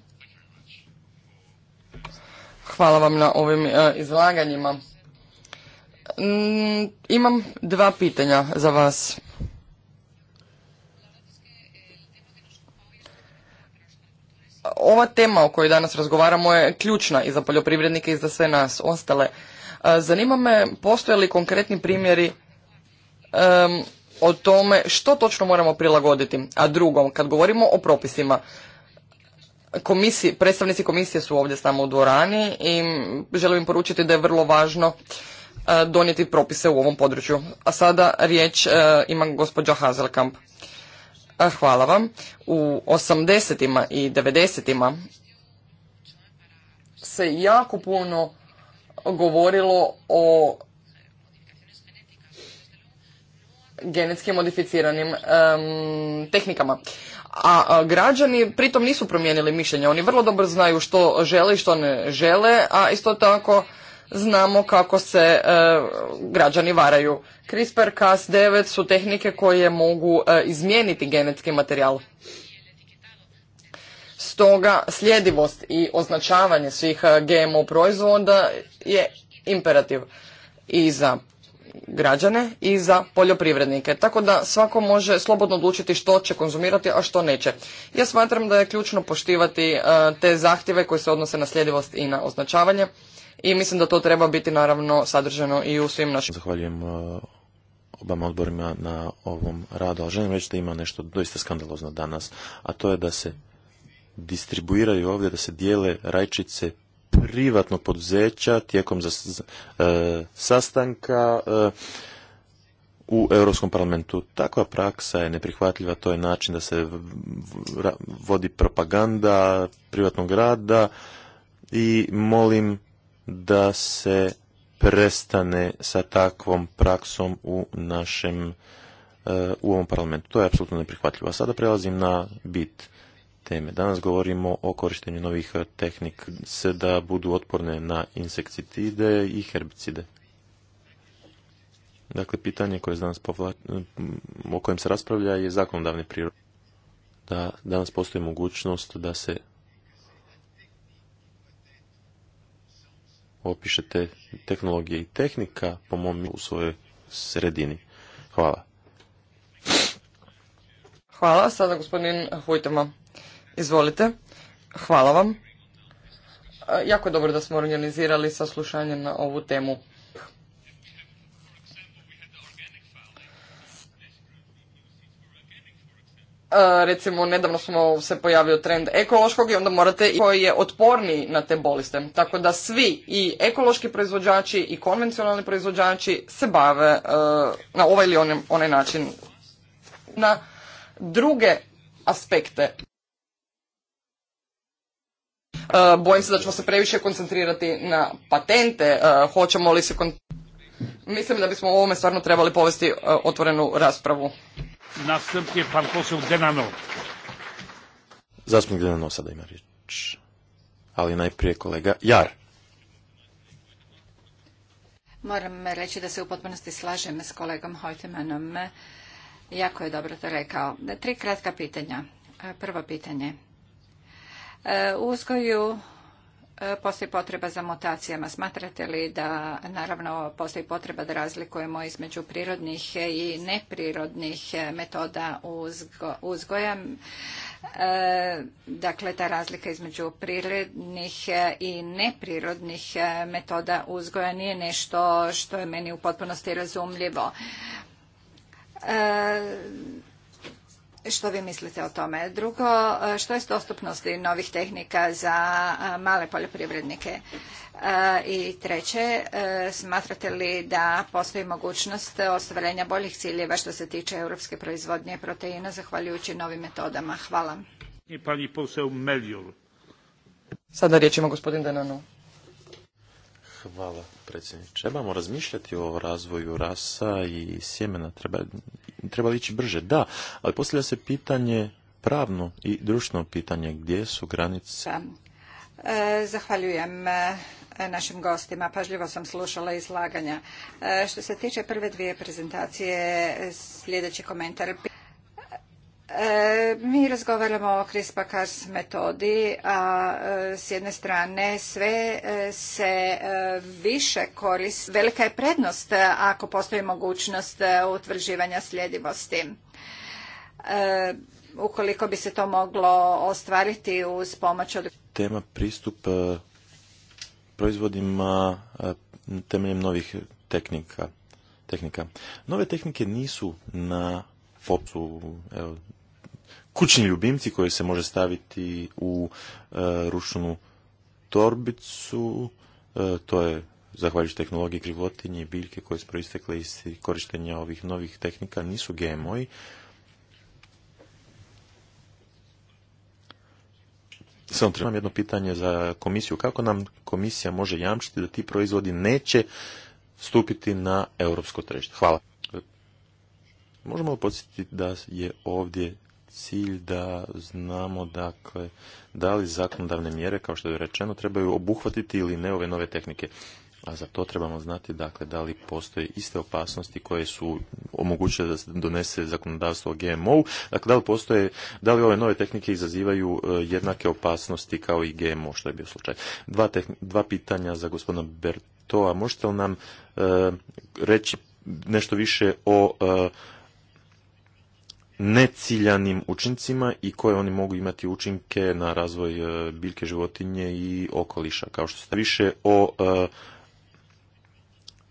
Hvala vam na ovim izlaganjima. Mm, imam dva pitanja za vas. ova tema o kojoj danas razgovaramo je ključna i za poljoprivrednike i za sve nas ostale. E, zanima me postoje li konkretni primjeri um, o tome što točno moramo prilagoditi. A drugo, kad govorimo o propisima, komisiji, predstavnici komisije su ovdje s nama u dvorani i želim im poručiti da je vrlo važno e, donijeti propise u ovom području. A sada riječ e, ima gospođa Hazelkamp. Hvala vam. U 80 i 90 se jako puno govorilo o genetski modificiranim tehnikama. A, a građani pritom nisu promijenili mišljenje. Oni vrlo dobro znaju što žele i što ne žele, a isto tako znamo kako se e, građani varaju. CRISPR-Cas9 su tehnike koje mogu e, izmijeniti genetski materijal. Stoga sljedivost i označavanje svih e, GMO proizvoda je imperativ i za građane i za poljoprivrednike. Tako da svako može slobodno odlučiti što će konzumirati, a što neće. Ja smatram da je ključno poštivati te zahtjeve koji se odnose na sljedivost i na označavanje i mislim da to treba biti naravno sadržano i u svim našim... Zahvaljujem uh, obama odborima na ovom radu, ali želim reći da ima nešto doista skandalozno danas, a to je da se distribuiraju ovdje, da se dijele rajčice privatnog poduzeća tijekom za, e, sastanka e, u Europskom parlamentu. Takva praksa je neprihvatljiva, to je način da se vodi propaganda privatnog rada i molim da se prestane sa takvom praksom u našem eh, u ovom parlamentu. To je apsolutno neprihvatljivo. A sada prelazim na bit teme. Danas govorimo o korištenju novih eh, tehnik se da budu otporne na insekticide i herbicide. Dakle, pitanje koje danas povla... o kojem se raspravlja je zakonodavni prirod, Da danas postoji mogućnost da se opišete tehnologije i tehnika po mom u svojoj sredini. Hvala. Hvala. Sada gospodin Hujtema. Izvolite. Hvala vam. E, jako je dobro da smo organizirali saslušanje na ovu temu. E, recimo nedavno smo se pojavio trend ekološkog i onda morate i koji je otporniji na te boliste. Tako da svi i ekološki proizvođači i konvencionalni proizvođači se bave e, na ovaj ili onaj, način na druge aspekte. E, bojim se da ćemo se previše koncentrirati na patente, hoćemo li se... Mislim da bismo o ovome stvarno trebali povesti otvorenu raspravu. Następnie pan poseł Denano. Zastupnik sada ima riječ. Ali najprije kolega Jar. Moram reći da se u potpunosti slažem s kolegom Hojtemanom. Jako je dobro to rekao. Tri kratka pitanja. Prvo pitanje. E, u uzgoju E, postoji potreba za mutacijama. Smatrate li da naravno postoji potreba da razlikujemo između prirodnih i neprirodnih e, metoda uzgoja? E, dakle, ta razlika između prirodnih i neprirodnih metoda uzgoja nije nešto što je meni u potpunosti razumljivo. Što vi mislite o tome? Drugo, što je s dostupnosti novih tehnika za male poljoprivrednike? E, I treće, e, smatrate li da postoji mogućnost ostvarenja boljih ciljeva što se tiče europske proizvodnje proteina zahvaljujući novim metodama? Hvala. Sada riječ ima gospodin Denanu. Hvala, predsjedniče. Trebamo razmišljati o razvoju rasa i sjemena. Treba trebali ići brže. Da, ali postavlja se pitanje pravno i društveno pitanje gdje su granice. E, zahvaljujem e, našim gostima. Pažljivo sam slušala izlaganja. E, što se tiče prve dvije prezentacije, sljedeći komentar. E, mi razgovaramo o CRISPR-Cas metodi, a e, s jedne strane sve e, se više koristi. Velika je prednost ako postoji mogućnost utvrđivanja sljedivosti. Ukoliko bi se to moglo ostvariti uz pomoć od... Tema pristup proizvodima temeljem novih tehnika. tehnika. Nove tehnike nisu na focu evo, kućni ljubimci koji se može staviti u e, ručnu torbicu. E, to je zahvaljujući tehnologiji krivotinje i biljke koje su proistekle iz korištenja ovih novih tehnika nisu GMO-i. Samo trebam jedno pitanje za komisiju. Kako nam komisija može jamčiti da ti proizvodi neće stupiti na europsko tržište? Hvala. Možemo podsjetiti da je ovdje cilj da znamo dakle da li zakonodavne mjere kao što je rečeno trebaju obuhvatiti ili ne ove nove tehnike a za to trebamo znati dakle da li postoje iste opasnosti koje su omogućile da se donese zakonodavstvo o GMO, dakle da li postoje, da li ove nove tehnike izazivaju e, jednake opasnosti kao i GMO što je bio slučaj. Dva, dva pitanja za gospodina Bertoa, možete li nam e, reći nešto više o e, neciljanim učincima i koje oni mogu imati učinke na razvoj e, biljke životinje i okoliša. Kao što ste više o e,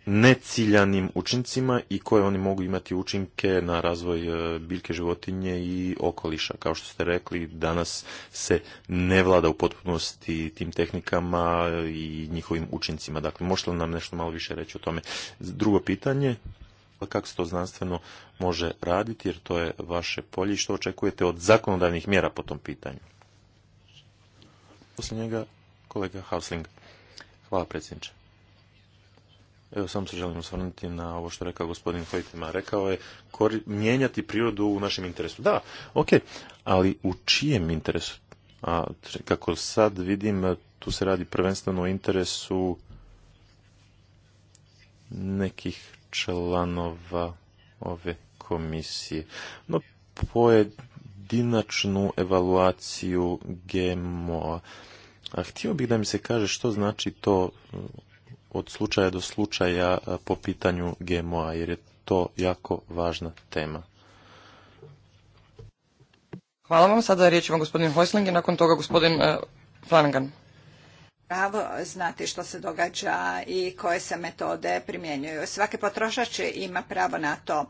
neciljanim učincima i koje oni mogu imati učinke na razvoj e, biljke životinje i okoliša. Kao što ste rekli, danas se ne vlada u potpunosti tim tehnikama i njihovim učincima. Dakle, možete li nam nešto malo više reći o tome? Drugo pitanje, pa kako se to znanstveno može raditi, jer to je vaše polje i što očekujete od zakonodavnih mjera po tom pitanju. Poslije njega kolega Hausling. Hvala predsjedniče. Evo samo se želim osvrnuti na ovo što rekao gospodin Hojtima. Rekao je mijenjati prirodu u našem interesu. Da, ok, ali u čijem interesu? A kako sad vidim, tu se radi prvenstveno o interesu nekih članova ove komisije. No, pojedinačnu evaluaciju GMO-a. A htio bih da mi se kaže što znači to mm, od slučaja do slučaja po pitanju GMO-a, jer je to jako važna tema. Hvala vam. Sada riječ ima gospodin i nakon toga gospodin e, Flanagan pravo znati što se događa i koje se metode primjenjuju. Svaki potrošač ima pravo na to. E,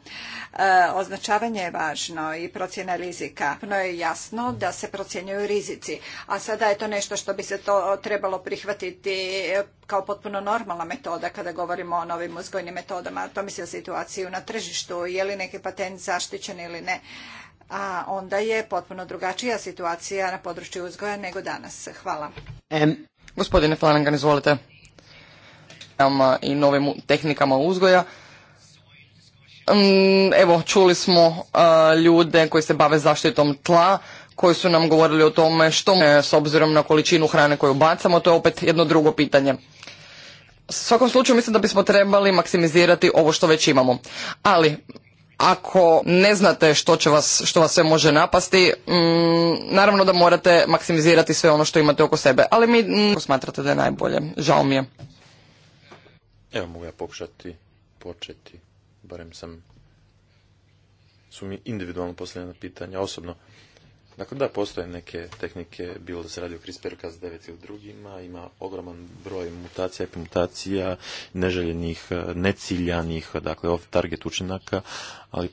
označavanje je važno i procjena rizika. No je jasno da se procjenjuju rizici, a sada je to nešto što bi se to trebalo prihvatiti kao potpuno normalna metoda kada govorimo o novim uzgojnim metodama. To mislim o situaciju na tržištu, je li neki patent zaštićen ili ne. A onda je potpuno drugačija situacija na području uzgoja nego danas. Hvala. Gospodine Flanagan, izvolite. ...i novim tehnikama uzgoja. Mm, evo, čuli smo ljude koji se bave zaštitom tla, koji su nam govorili o tome što s obzirom na količinu hrane koju bacamo, to je opet jedno drugo pitanje. U svakom slučaju mislim da bismo trebali maksimizirati ovo što već imamo. Ali ako ne znate što će vas, što vas sve može napasti, mm, naravno da morate maksimizirati sve ono što imate oko sebe. Ali mi mm, smatrate da je najbolje. Žao mi je. Evo mogu ja pokušati početi. Barem sam su mi individualno postavljena pitanja, osobno. Dakle, da, postoje neke tehnike, bilo da se radi o CRISPR-Cas9 u drugima, ima ogroman broj mutacija i mutacija, neželjenih, e, neciljanih, dakle, off target učinaka, ali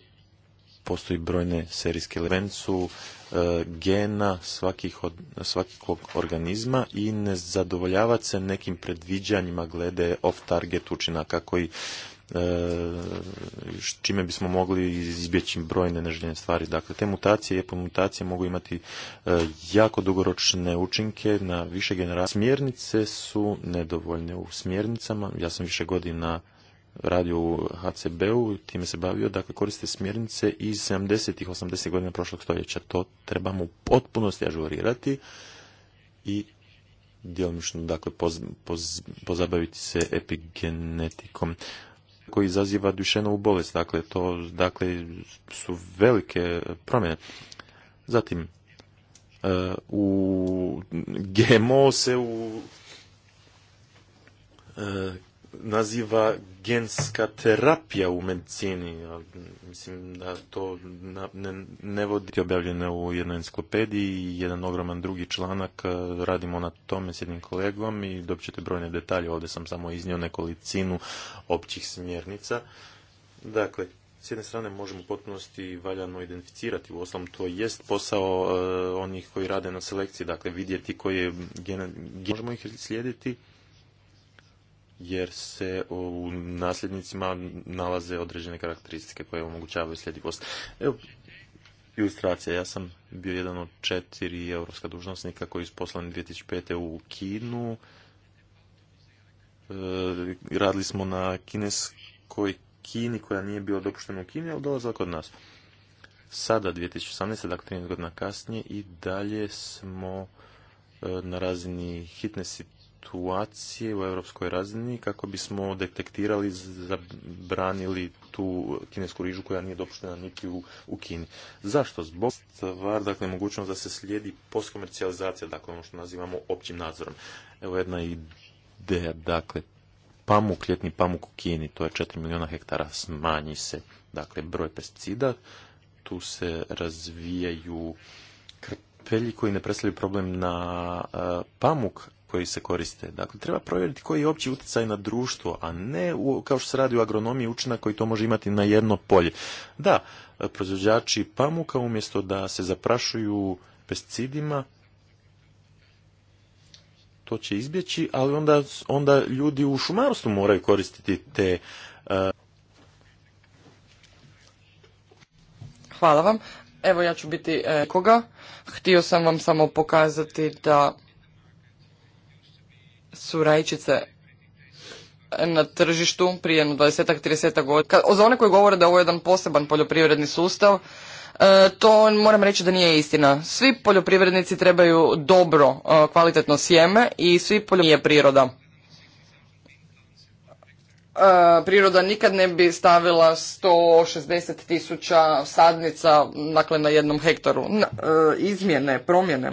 postoji brojne serijske elemencu, e, gena svakih svakog organizma i ne zadovoljava se nekim predviđanjima glede off target učinaka koji E, čime bismo mogli izbjeći brojne neželjene stvari. Dakle, te mutacije i epomutacije mogu imati e, jako dugoročne učinke na više generacije. Smjernice su nedovoljne u smjernicama. Ja sam više godina radio u HCB-u, time se bavio, dakle koriste smjernice iz 70-ih, 80 godina prošlog stoljeća. To trebamo u potpunosti ažurirati i djelomično dakle pozabaviti se epigenetikom koji izaziva dušenovu bolest. Dakle, to dakle, su velike promjene. Zatim, eh, u GMO se u eh, naziva genska terapija u medicini. Mislim da to ne, vodi objavljeno u jednoj enciklopediji i jedan ogroman drugi članak. E, radimo na tome s jednim kolegom i dobit ćete brojne detalje. Ovdje sam samo iznio nekolicinu općih smjernica. Dakle, s jedne strane možemo u potpunosti valjano identificirati, u osnovu to jest posao e, onih koji rade na selekciji, dakle vidjeti koje je možemo ih slijediti jer se u nasljednicima nalaze određene karakteristike koje omogućavaju sljedivost. Evo, ilustracija. Ja sam bio jedan od četiri evropska dužnosnika koji su poslani 2005. u Kinu. E, radili smo na kineskoj Kini koja nije bila dopuštena u Kini, ali dolazila kod nas. Sada, 2018. dakle 13 godina kasnije i dalje smo e, na razini hitne situacije u europskoj razini kako bismo detektirali, zabranili tu kinesku rižu koja nije dopuštena niti u, u Kini. Zašto? Zbog stvar, dakle, mogućnost da se slijedi postkomercijalizacija, dakle, ono što nazivamo općim nadzorom. Evo jedna ideja, dakle, pamuk, ljetni pamuk u Kini, to je 4 milijuna hektara, smanji se, dakle, broj pesticida, tu se razvijaju krpelji koji ne predstavljaju problem na e, pamuk, koji se koriste. Dakle, treba provjeriti koji je opći utjecaj na društvo, a ne u, kao što se radi u agronomiji učinak koji to može imati na jedno polje. Da, proizvođači pamuka umjesto da se zaprašuju pesticidima, to će izbjeći, ali onda, onda ljudi u šumarstvu moraju koristiti te... E, Hvala vam. Evo ja ću biti e, koga. Htio sam vam samo pokazati da su rajčice na tržištu prije 20-30 godina. Za one koji govore da ovo jedan poseban poljoprivredni sustav, e, to moram reći da nije istina. Svi poljoprivrednici trebaju dobro, e, kvalitetno sjeme i svi poljoprivrednici priroda. E, priroda nikad ne bi stavila 160 tisuća sadnica dakle, na jednom hektaru. Izmjene, promjene,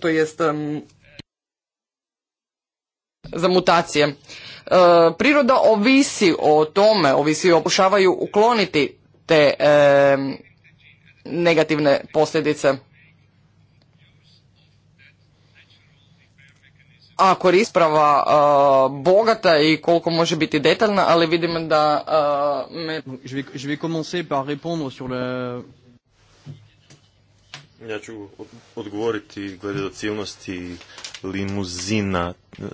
to jest za mutacije. E, priroda ovisi o tome, ovisi o pokušavaju ukloniti te e, negativne posljedice. Ako je isprava e, bogata i koliko može biti detaljna, ali vidim da... Me... Je vais, je par ja ću odgovoriti glede docilnosti limuzina, e,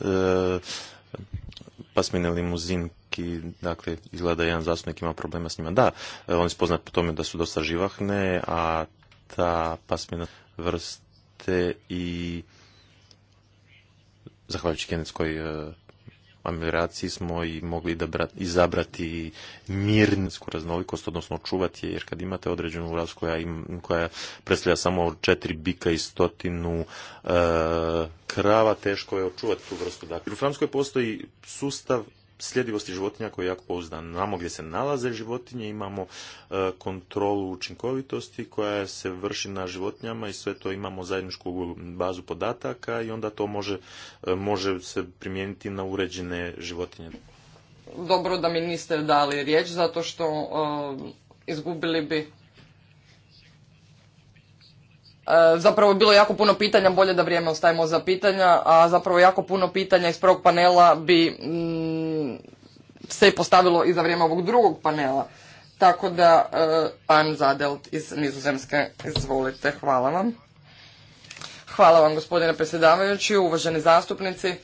pasmine limuzinki, dakle, izgleda jedan zastupnik ima problema s njima. Da, e, oni su poznati po tome da su dosta živahne, a ta pasmina vrste i zahvaljujući genetskoj e, Amiraci smo i mogli izabrati mirnsku raznolikost, odnosno očuvati je, jer kad imate određenu vrstu koja, im, koja predstavlja samo četiri bika i stotinu e, krava, teško je očuvati tu vrstu. Dakle, u Francuskoj postoji sustav sljedivosti životinja koji je jako pouzdan. Znamo gdje se nalaze životinje, imamo e, kontrolu učinkovitosti koja se vrši na životinjama i sve to imamo zajedničku bazu podataka i onda to može, e, može se primijeniti na uređene životinje. Dobro da mi niste dali riječ zato što e, izgubili bi zapravo je bilo jako puno pitanja, bolje da vrijeme ostavimo za pitanja, a zapravo jako puno pitanja iz prvog panela bi se postavilo i za vrijeme ovog drugog panela. Tako da, pan e, Zadelt iz Nizozemske, izvolite, hvala vam. Hvala vam gospodine predsjedavajući, uvaženi zastupnici. E,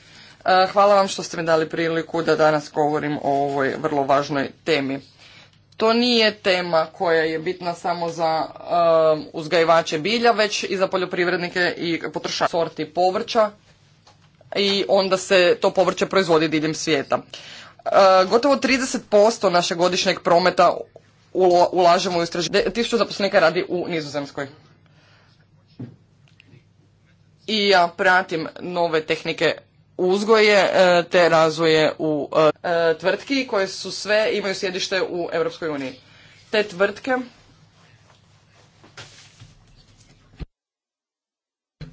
hvala vam što ste mi dali priliku da danas govorim o ovoj vrlo važnoj temi. To nije tema koja je bitna samo za e, uzgajivače bilja, već i za poljoprivrednike i potrošače sorti povrća i onda se to povrće proizvodi diljem svijeta. E, gotovo 30% našeg godišnjeg prometa ulažemo u istraživanje. Tisuću zaposlenika radi u Nizozemskoj. I ja pratim nove tehnike uzgoje e, te razvoje u e, tvrtki koje su sve imaju sjedište u Europskoj uniji. Te tvrtke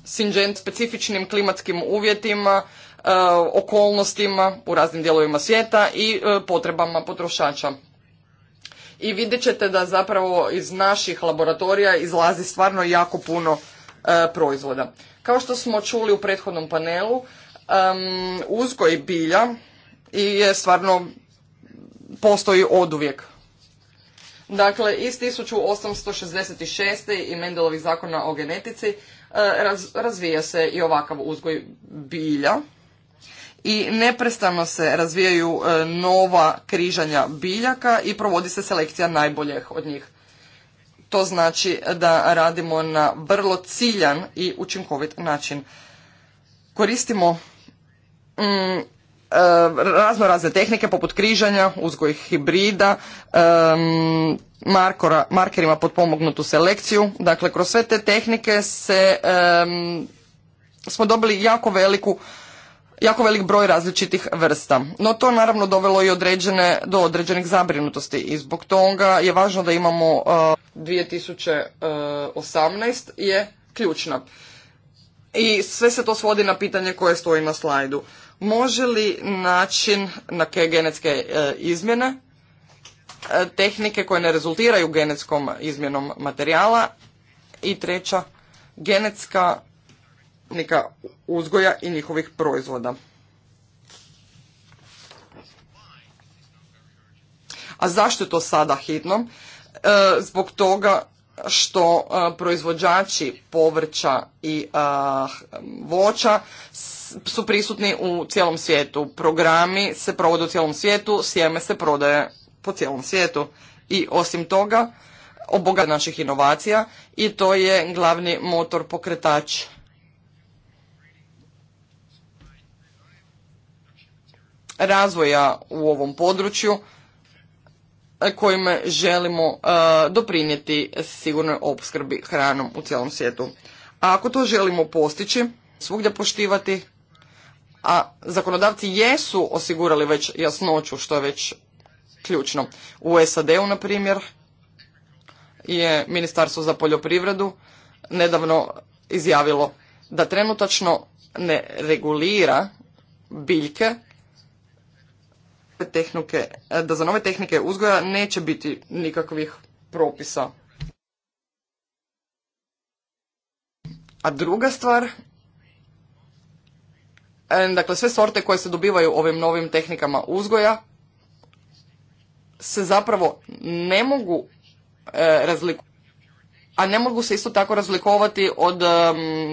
Sinđent specifičnim klimatskim uvjetima, E, okolnostima u raznim dijelovima svijeta i e, potrebama potrošača. I vidjet ćete da zapravo iz naših laboratorija izlazi stvarno jako puno e, proizvoda. Kao što smo čuli u prethodnom panelu, uzgoj bilja je stvarno postoji oduvijek. Dakle, iz 1866. i Mendelovih zakona o genetici razvija se i ovakav uzgoj bilja i neprestano se razvijaju e, nova križanja biljaka i provodi se selekcija najboljih od njih. To znači da radimo na vrlo ciljan i učinkovit način. Koristimo mm, e, razno razne tehnike poput križanja, uzgoj hibrida, e, markora, markerima potpomognutu selekciju. Dakle, kroz sve te tehnike se, smo dobili jako veliku jako velik broj različitih vrsta. No to naravno dovelo i određene, do određenih zabrinutosti i zbog toga je važno da imamo e, uh, 2018 e, je ključna. I sve se to svodi na pitanje koje stoji na slajdu. Može li način na ke genetske e, izmjene tehnike koje ne rezultiraju genetskom izmjenom materijala i treća genetska uzgoja i njihovih proizvoda. A zašto je to sada hitno? E, zbog toga što e, proizvođači povrća i e, voća su prisutni u cijelom svijetu. Programi se provode u cijelom svijetu, sjeme se prodaje po cijelom svijetu. I osim toga, oboga naših inovacija i to je glavni motor pokretač razvoja u ovom području e, kojim želimo e, doprinijeti sigurnoj opskrbi hranom u cijelom svijetu. A ako to želimo postići, svugdje poštivati, a zakonodavci jesu osigurali već jasnoću, što je već ključno. U SAD-u, na primjer, je Ministarstvo za poljoprivredu nedavno izjavilo da trenutačno ne regulira biljke tehnike, e, da za nove tehnike uzgoja neće biti nikakvih propisa. A druga stvar, e, dakle sve sorte koje se dobivaju ovim novim tehnikama uzgoja se zapravo ne mogu e, razlikovati, a ne mogu se isto tako razlikovati od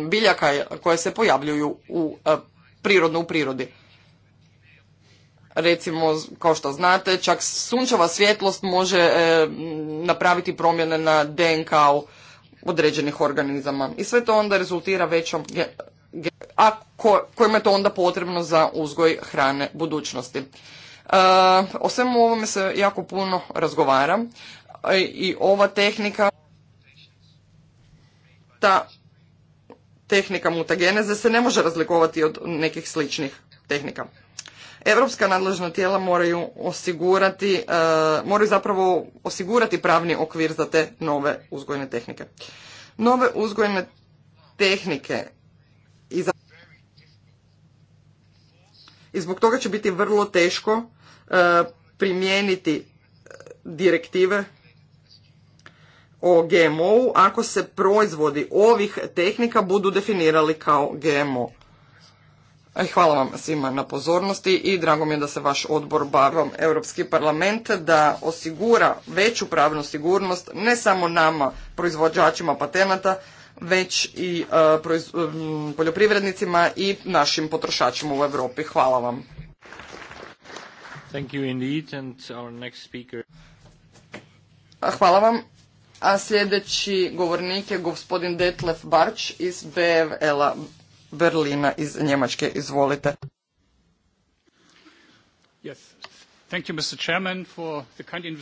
biljaka koje se pojavljuju u prirodno u prirodi recimo kao što znate čak sunčeva svjetlost može e, napraviti promjene na dnk -u određenih organizama i sve to onda rezultira većom a ko, kojima je to onda potrebno za uzgoj hrane budućnosti. E, o svemu ovome se jako puno razgovara e, i ova tehnika ta tehnika mutageneze se ne može razlikovati od nekih sličnih tehnika. Europska nadležna tijela moraju osigurati, e, moraju zapravo osigurati pravni okvir za te nove uzgojne tehnike. Nove uzgojne tehnike i, I zbog toga će biti vrlo teško e, primijeniti direktive o GMO-u ako se proizvodi ovih tehnika budu definirali kao GMO. E, hvala vam svima na pozornosti i drago mi je da se vaš odbor bavio Europski parlament da osigura veću pravnu sigurnost ne samo nama, proizvođačima patenata, već i e, e, poljoprivrednicima i našim potrošačima u Europi. Hvala vam. Hvala vam. A sljedeći govornik je gospodin Detlef Barč iz bfl Berlina iz Njemačke. Izvolite.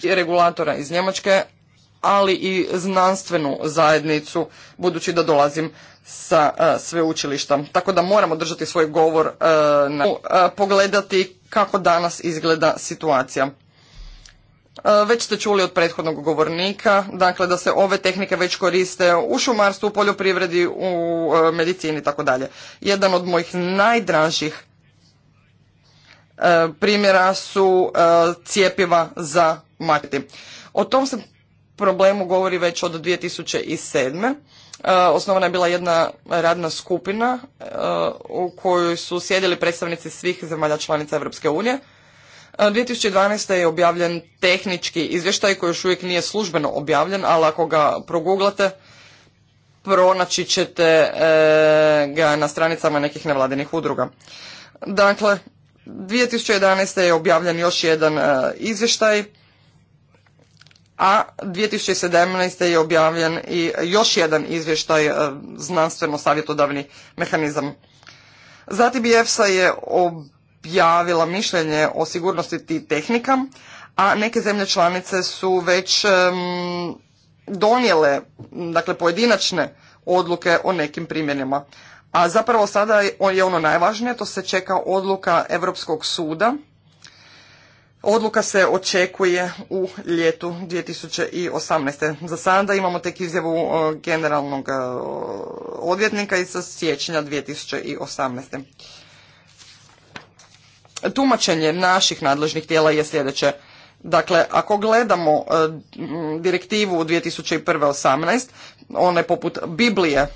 I regulatora iz Njemačke, ali i znanstvenu zajednicu, budući da dolazim sa e, sveučilišta. Tako da moramo držati svoj govor e, na e, pogledati kako danas izgleda situacija. E, već ste čuli od prethodnog govornika, dakle da se ove tehnike već koriste u šumarstvu, u poljoprivredi, u e, medicini i tako dalje. Jedan od mojih najdražih e, primjera su cijepiva za mati. O tom se problemu govori već od 2007. Osnovana je bila jedna radna skupina u kojoj su sjedili predstavnici svih zemalja članica Europske unije 2012. je objavljen tehnički izvještaj koji još uvijek nije službeno objavljen, ali ako ga proguglate, pronaći ćete e, ga na stranicama nekih nevladinih udruga. Dakle, 2011. je objavljen još jedan e, izvještaj, a 2017. je objavljen i još jedan izvještaj e, znanstveno savjetodavni mehanizam. Zatim je EFSA je objavila mišljenje o sigurnosti tih tehnika, a neke zemlje članice su već donijele dakle, pojedinačne odluke o nekim primjenama. A zapravo sada je ono najvažnije, to se čeka odluka Europskog suda. Odluka se očekuje u ljetu 2018. Za sada imamo tek izjavu e, generalnog e, odvjetnika iz siječnja 2018 tumačenje naših nadležnih tijela je sljedeće. Dakle, ako gledamo e, direktivu 2001-18, ona one poput Biblije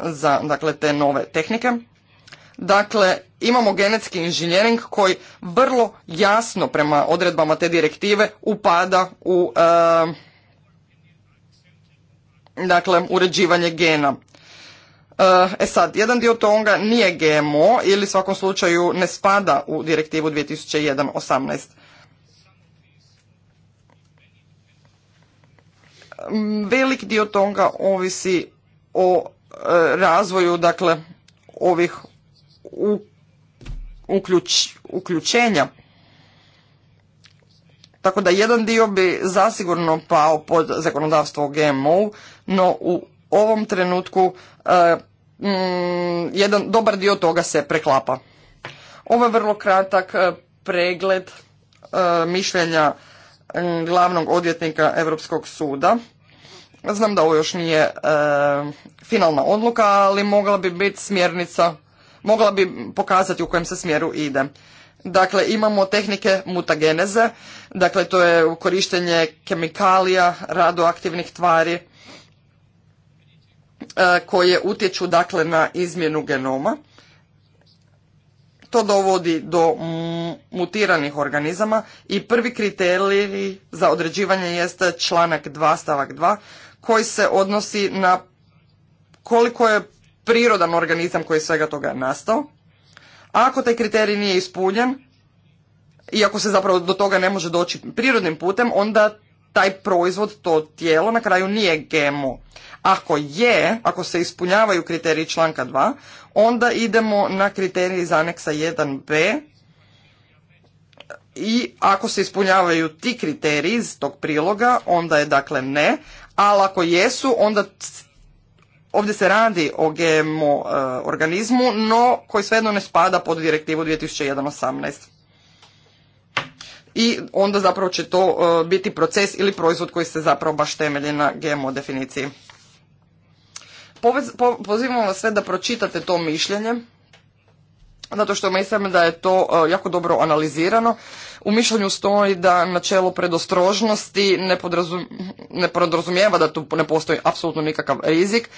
za dakle, te nove tehnike, Dakle, imamo genetski inženjering koji vrlo jasno prema odredbama te direktive upada u e, dakle, uređivanje gena. E, e sad, jedan dio toga nije GMO ili u svakom slučaju ne spada u direktivu 2001-18. Velik dio toga ovisi o e, razvoju dakle ovih uključ, uključenja. Tako da jedan dio bi zasigurno pao pod zakonodavstvo GMO, no u ovom trenutku e, Mm, jedan dobar dio toga se preklapa. Ovo je vrlo kratak e, pregled e, mišljenja e, glavnog odvjetnika Europskog suda. Znam da ovo još nije finalna odluka, ali mogla bi biti smjernica, mogla bi pokazati u kojem se smjeru ide. Dakle, imamo tehnike mutageneze, dakle to je korištenje kemikalija, radioaktivnih tvari, E, koje utječu dakle na izmjenu genoma. To dovodi do mutiranih organizama i prvi kriterij za određivanje jeste članak 2 stavak 2 koji se odnosi na koliko je prirodan organizam koji svega toga nastao. A ako taj kriterij nije ispunjen, ako se zapravo do toga ne može doći prirodnim putem, onda taj proizvod, to tijelo na kraju nije GMO. Ako je, ako se ispunjavaju kriteriji članka 2, onda idemo na kriteriji iz aneksa 1b i ako se ispunjavaju ti kriteriji iz tog priloga, onda je dakle ne, ali ako jesu, onda ovdje se radi o GMO e, organizmu, no koji svejedno ne spada pod direktivu 2001.18. I onda zapravo će to e, biti proces ili proizvod koji se zapravo baš temelji na GMO definiciji. Pozivamo vas sve da pročitate to mišljenje, zato što mislim da je to e, jako dobro analizirano. U mišljenju stoji da načelo predostrožnosti ne, podrazumijeva da tu ne postoji apsolutno nikakav rizik.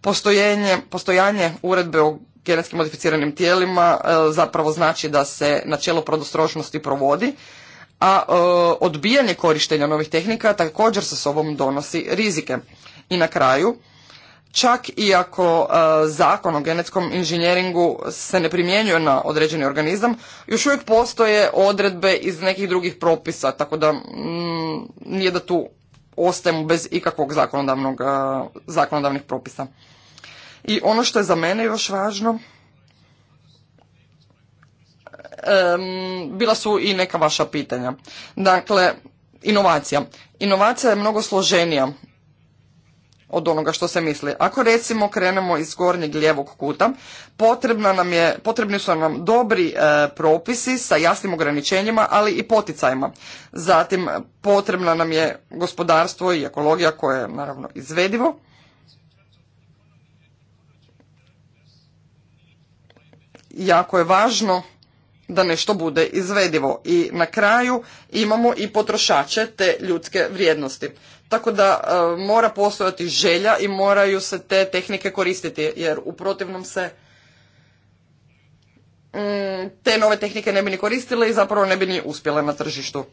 Postojenje, postojanje uredbe o genetski modificiranim tijelima e, zapravo znači da se načelo predostrožnosti provodi, a e, odbijanje korištenja novih tehnika također sa sobom donosi rizike. I na kraju, Čak i ako e, zakon o genetskom inženjeringu se ne primjenjuje na određeni organizam, još uvijek postoje odredbe iz nekih drugih propisa, tako da mm, nije da tu ostajemo bez ikakvog e, zakonodavnih propisa. I ono što je za mene još važno, bila su i neka vaša pitanja. Dakle, inovacija. Inovacija je mnogo složenija od onoga što se misli. Ako recimo krenemo iz gornjeg lijevog kuta, potrebna nam je, potrebni su nam dobri e, propisi sa jasnim ograničenjima, ali i poticajima. Zatim potrebna nam je gospodarstvo i ekologija koje je naravno izvedivo. Jako je važno da nešto bude izvedivo i na kraju imamo i potrošače te ljudske vrijednosti. Tako da e, mora postojati želja i moraju se te tehnike koristiti jer u protivnom se mm, te nove tehnike ne bi ni koristile i zapravo ne bi ni uspjele na tržištu.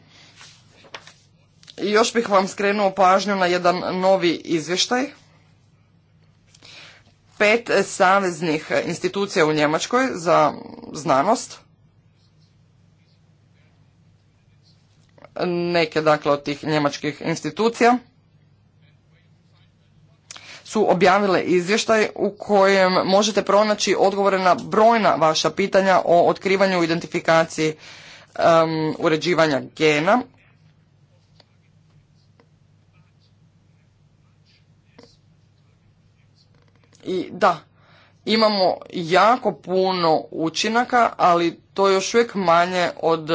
I još bih vam skrenuo pažnju na jedan novi izvještaj. Pet saveznih institucija u Njemačkoj za znanost neke dakle od tih njemačkih institucija su objavile izvještaj u kojem možete pronaći odgovore na brojna vaša pitanja o otkrivanju identifikaciji um, uređivanja gena i da imamo jako puno učinaka ali to je još uvijek manje od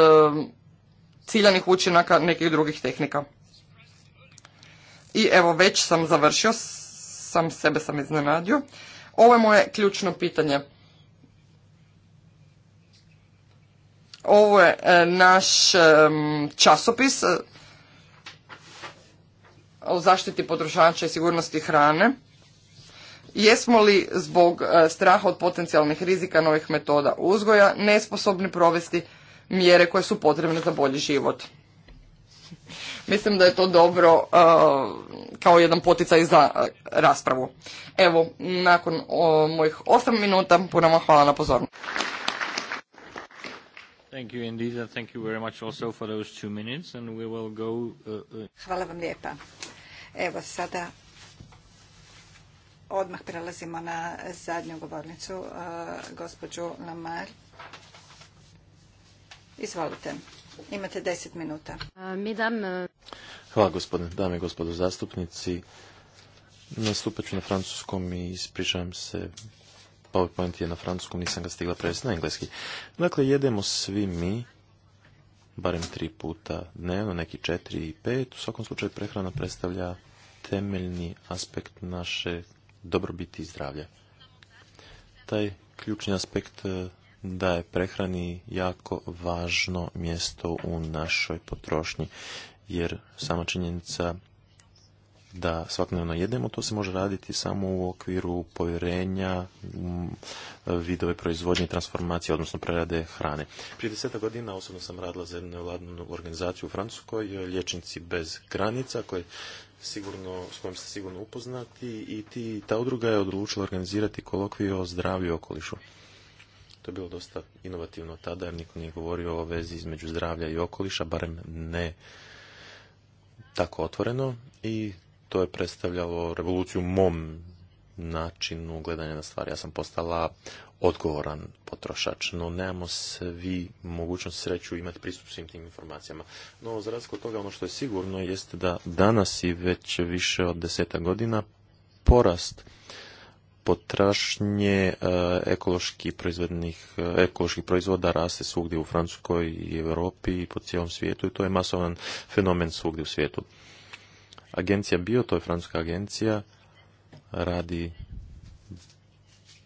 ciljanih učinaka nekih drugih tehnika. I evo već sam završio, sam sebe sam iznenadio. Ovo je moje ključno pitanje. Ovo je e, naš e, časopis e, o zaštiti potrošača i sigurnosti hrane. Jesmo li zbog straha od potencijalnih rizika novih metoda uzgoja nesposobni provesti mjere koje su potrebne za bolji život. Mislim da je to dobro kao jedan poticaj za raspravu. Evo, nakon mojih 8 minuta, puno vam hvala na pozornost. Uh, uh, hvala vam lijepa. Evo sada odmah prelazimo na zadnju govornicu, gospođu Lamar. Izvolite. Imate deset minuta. E, Hvala gospodine, dame i gospodo zastupnici. Nastupat ću na francuskom i ispričavam se. PowerPoint je na francuskom, nisam ga stigla prevesti na engleski. Dakle, jedemo svi mi, barem tri puta dnevno, neki četiri i pet. U svakom slučaju prehrana predstavlja temeljni aspekt naše dobrobiti i zdravlja. Taj ključni aspekt e, da je prehrani jako važno mjesto u našoj potrošnji, jer sama činjenica da svakodnevno jedemo, to se može raditi samo u okviru povjerenja, mm, vidove proizvodnje i transformacije, odnosno prerade hrane. Prije deseta godina osobno sam radila za jednu nevladnu organizaciju u Francuskoj, Liječnici bez granica, koje sigurno, s kojom ste sigurno upoznati i ti, ta udruga je odlučila organizirati kolokviju o zdravlju okolišu to je bilo dosta inovativno tada, jer niko nije govorio o vezi između zdravlja i okoliša, barem ne tako otvoreno i to je predstavljalo revoluciju mom načinu gledanja na stvari. Ja sam postala odgovoran potrošač, no nemamo svi mogućnost sreću imati pristup svim tim informacijama. No, za razliku od toga, ono što je sigurno jeste da danas i već više od deseta godina porast potrašnje ekološki proizvodnih, e, ekoloških proizvoda raste svugdje u Francuskoj i Europi i po cijelom svijetu i to je masovan fenomen svugdje u svijetu. Agencija Bio, to je francuska agencija, radi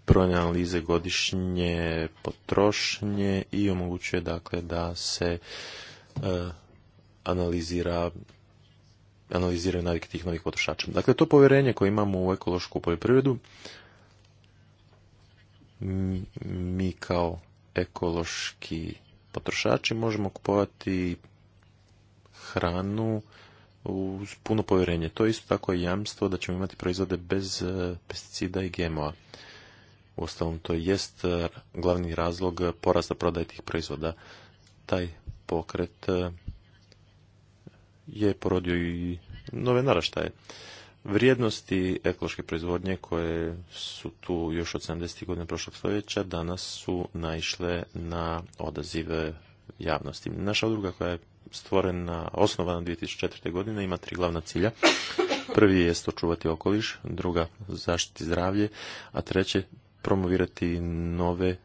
brojne analize godišnje potrošnje i omogućuje dakle da se e, analizira analiziraju navike tih novih potrošača. Dakle, to povjerenje koje imamo u ekološku poljoprivredu mi kao ekološki potrošači možemo kupovati hranu uz puno povjerenje. To je isto tako jamstvo da ćemo imati proizvode bez e, pesticida i GMO-a. Uostalom, to jest e, glavni razlog porasta prodaje tih proizvoda. Taj pokret e, je porodio i nove naraštaje. Vrijednosti ekološke proizvodnje koje su tu još od 70. godina prošlog stoljeća danas su naišle na odazive javnosti. Naša udruga koja je stvorena, osnovana 2004. godine ima tri glavna cilja. Prvi je očuvati okoliš, druga zaštiti zdravlje, a treće promovirati nove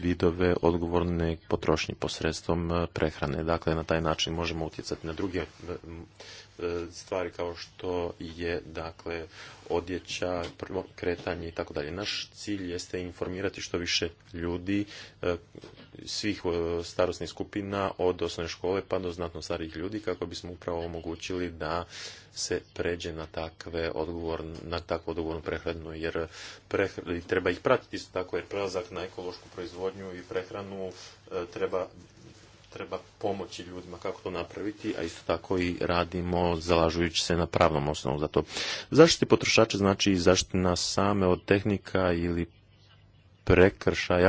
vidove odgovorne potrošnje posredstvom eh, prehrane. Dakle, na taj način možemo utjecati na druge E, stvari kao što je dakle odjeća, prvo kretanje i tako dalje. Naš cilj jeste informirati što više ljudi e, svih e, starosnih skupina od osnovne škole pa do znatno starijih ljudi kako bismo upravo omogućili da se pređe na takve odgovor, na takvu odgovornu prehranu jer treba ih pratiti isto tako jer prelazak na ekološku proizvodnju i prehranu treba treba pomoći ljudima kako to napraviti, a isto tako i radimo zalažujući se na pravnom osnovu za to. Zaštiti potrošača znači i zaštiti same od tehnika ili prekršaja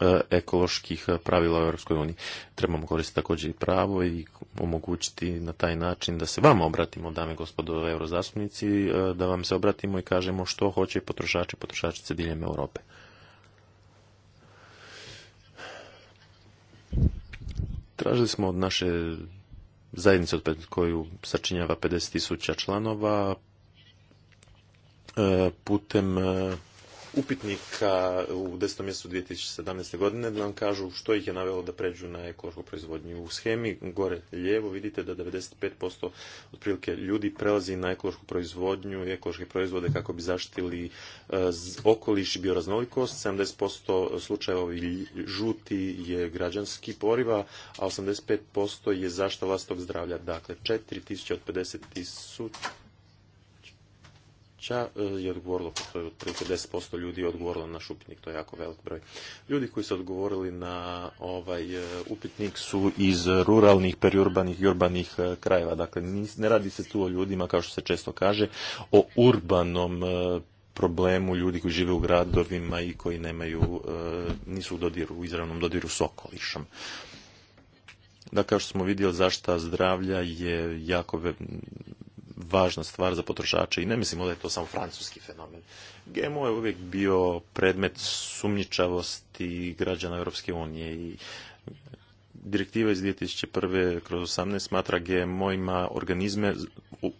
e, ekoloških pravila u Europskoj uniji. Trebamo koristiti također i pravo i omogućiti na taj način da se vama obratimo, dame i gospodo eurozastupnici, e, da vam se obratimo i kažemo što hoće potrošači i potrošačice diljem Europe. Tražili smo od naše zajednice od koju sačinjava 50.000 članova e, putem e, upitnika u 10. mjesecu 2017. godine nam kažu što ih je navelo da pređu na ekološku proizvodnju. U schemi gore lijevo vidite da 95% otprilike ljudi prelazi na ekološku proizvodnju i ekološke proizvode kako bi zaštitili e, okoliš i bioraznolikost. 70% slučajeva ovi žuti je građanski poriva, a 85% je zaštita vlastog zdravlja. Dakle, 4000 od 50 tisuća ja e, je odgovorilo, pošto je otprilike 10% ljudi je odgovorilo na naš upitnik, to je jako velik broj. Ljudi koji su odgovorili na ovaj e, upitnik su iz ruralnih, periurbanih i urbanih e, krajeva. Dakle, ne radi se tu o ljudima, kao što se često kaže, o urbanom problemu ljudi koji žive u gradovima i koji nemaju, nisu u dodiru, u izravnom dodiru s okolišom. Da, kao što smo vidjeli, zaštita zdravlja je jako važna stvar za potrošače i ne mislimo da je to samo francuski fenomen. GMO je uvijek bio predmet sumnjičavosti građana Europske unije i direktiva iz 2001. kroz 18 smatra GMO ima organizme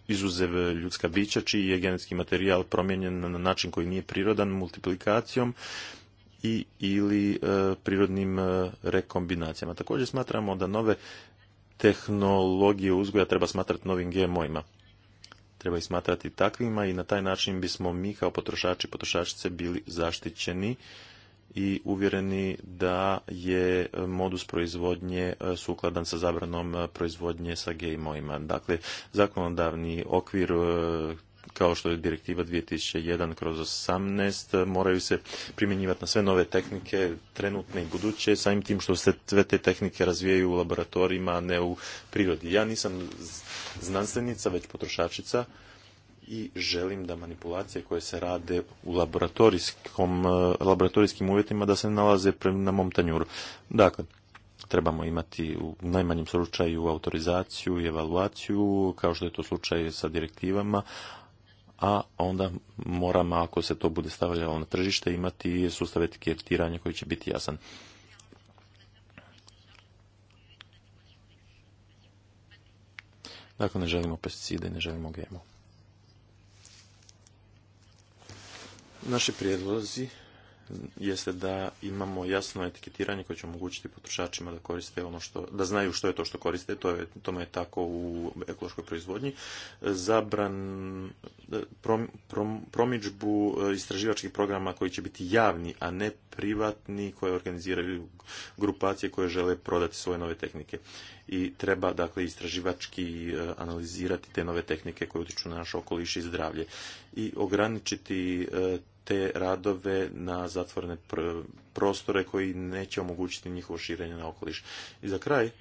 izuzev ljudska bića čiji je genetski materijal promijenjen na način koji nije prirodan multiplikacijom i ili e, prirodnim e, rekombinacijama. Također smatramo da nove tehnologije uzgoja treba smatrati novim GMO-ima treba ih smatrati takvima i na taj način bismo mi kao potrošači i potrošačice bili zaštićeni i uvjereni da je e, modus proizvodnje e, sukladan sa zabranom e, proizvodnje sa gejmojima. Dakle, zakonodavni okvir kao što je direktiva 2001 kroz 18, moraju se primjenjivati na sve nove tehnike, trenutne i buduće, samim tim što se sve te tehnike razvijaju u laboratorijima, a ne u prirodi. Ja nisam znanstvenica, već potrošačica i želim da manipulacije koje se rade u laboratorijskom, e, laboratorijskim uvjetima da se nalaze na mom tanjuru. Dakle, trebamo imati u najmanjem slučaju autorizaciju i evaluaciju, kao što je to slučaj sa direktivama, a onda moramo, ako se to bude stavljalo na tržište, imati sustav etiketiranja koji će biti jasan. Dakle, ne želimo pesticide, ne želimo GMO. Naši prijedlozi jeste da imamo jasno etiketiranje koje će omogućiti potrošačima da koriste ono što, da znaju što je to što koriste, to je, tome je tako u ekološkoj proizvodnji. Zabran prom, prom, e, istraživačkih programa koji će biti javni, a ne privatni, koje organiziraju grupacije koje žele prodati svoje nove tehnike. I treba, dakle, istraživački e, analizirati te nove tehnike koje utječu na naš okoliš i zdravlje. I ograničiti e, te radove na zatvorene prostore koji neće omogućiti njihovo širenje na okoliš. I za kraj,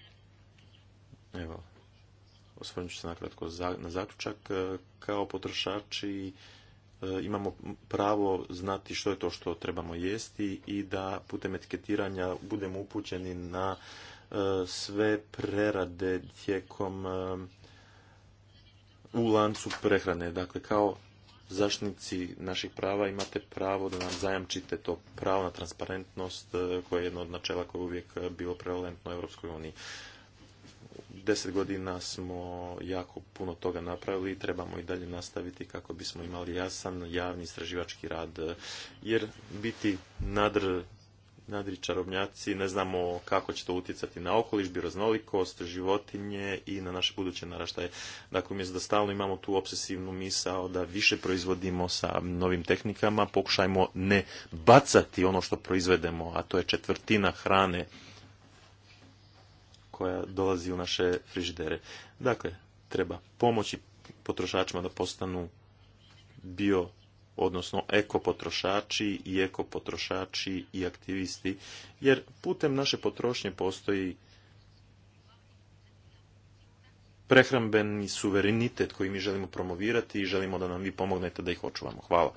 evo, osvrnut se nakratko na zaključak, e, kao potrošači e, imamo pravo znati što je to što trebamo jesti i da putem etiketiranja budemo upućeni na e, sve prerade tijekom u lancu prehrane. Dakle, kao Zaštnici naših prava imate pravo da nam zajamčite to pravo na transparentnost e, koje je jedno od načela koje je uvijek e, bilo prevalentno u Europskoj uniji. Deset godina smo jako puno toga napravili i trebamo i dalje nastaviti kako bismo imali jasan javni istraživački rad. E, jer biti nadr nadri čarobnjaci, ne znamo kako će to utjecati na okoliš, raznolikost, životinje i na naše buduće naraštaje. Dakle, umjesto da stalno imamo tu obsesivnu misao da više proizvodimo sa novim tehnikama, pokušajmo ne bacati ono što proizvedemo, a to je četvrtina hrane koja dolazi u naše frižidere. Dakle, treba pomoći potrošačima da postanu bio odnosno ekopotrošači i ekopotrošači i aktivisti, jer putem naše potrošnje postoji prehrambeni suverenitet koji mi želimo promovirati i želimo da nam vi pomognete da ih očuvamo. Hvala.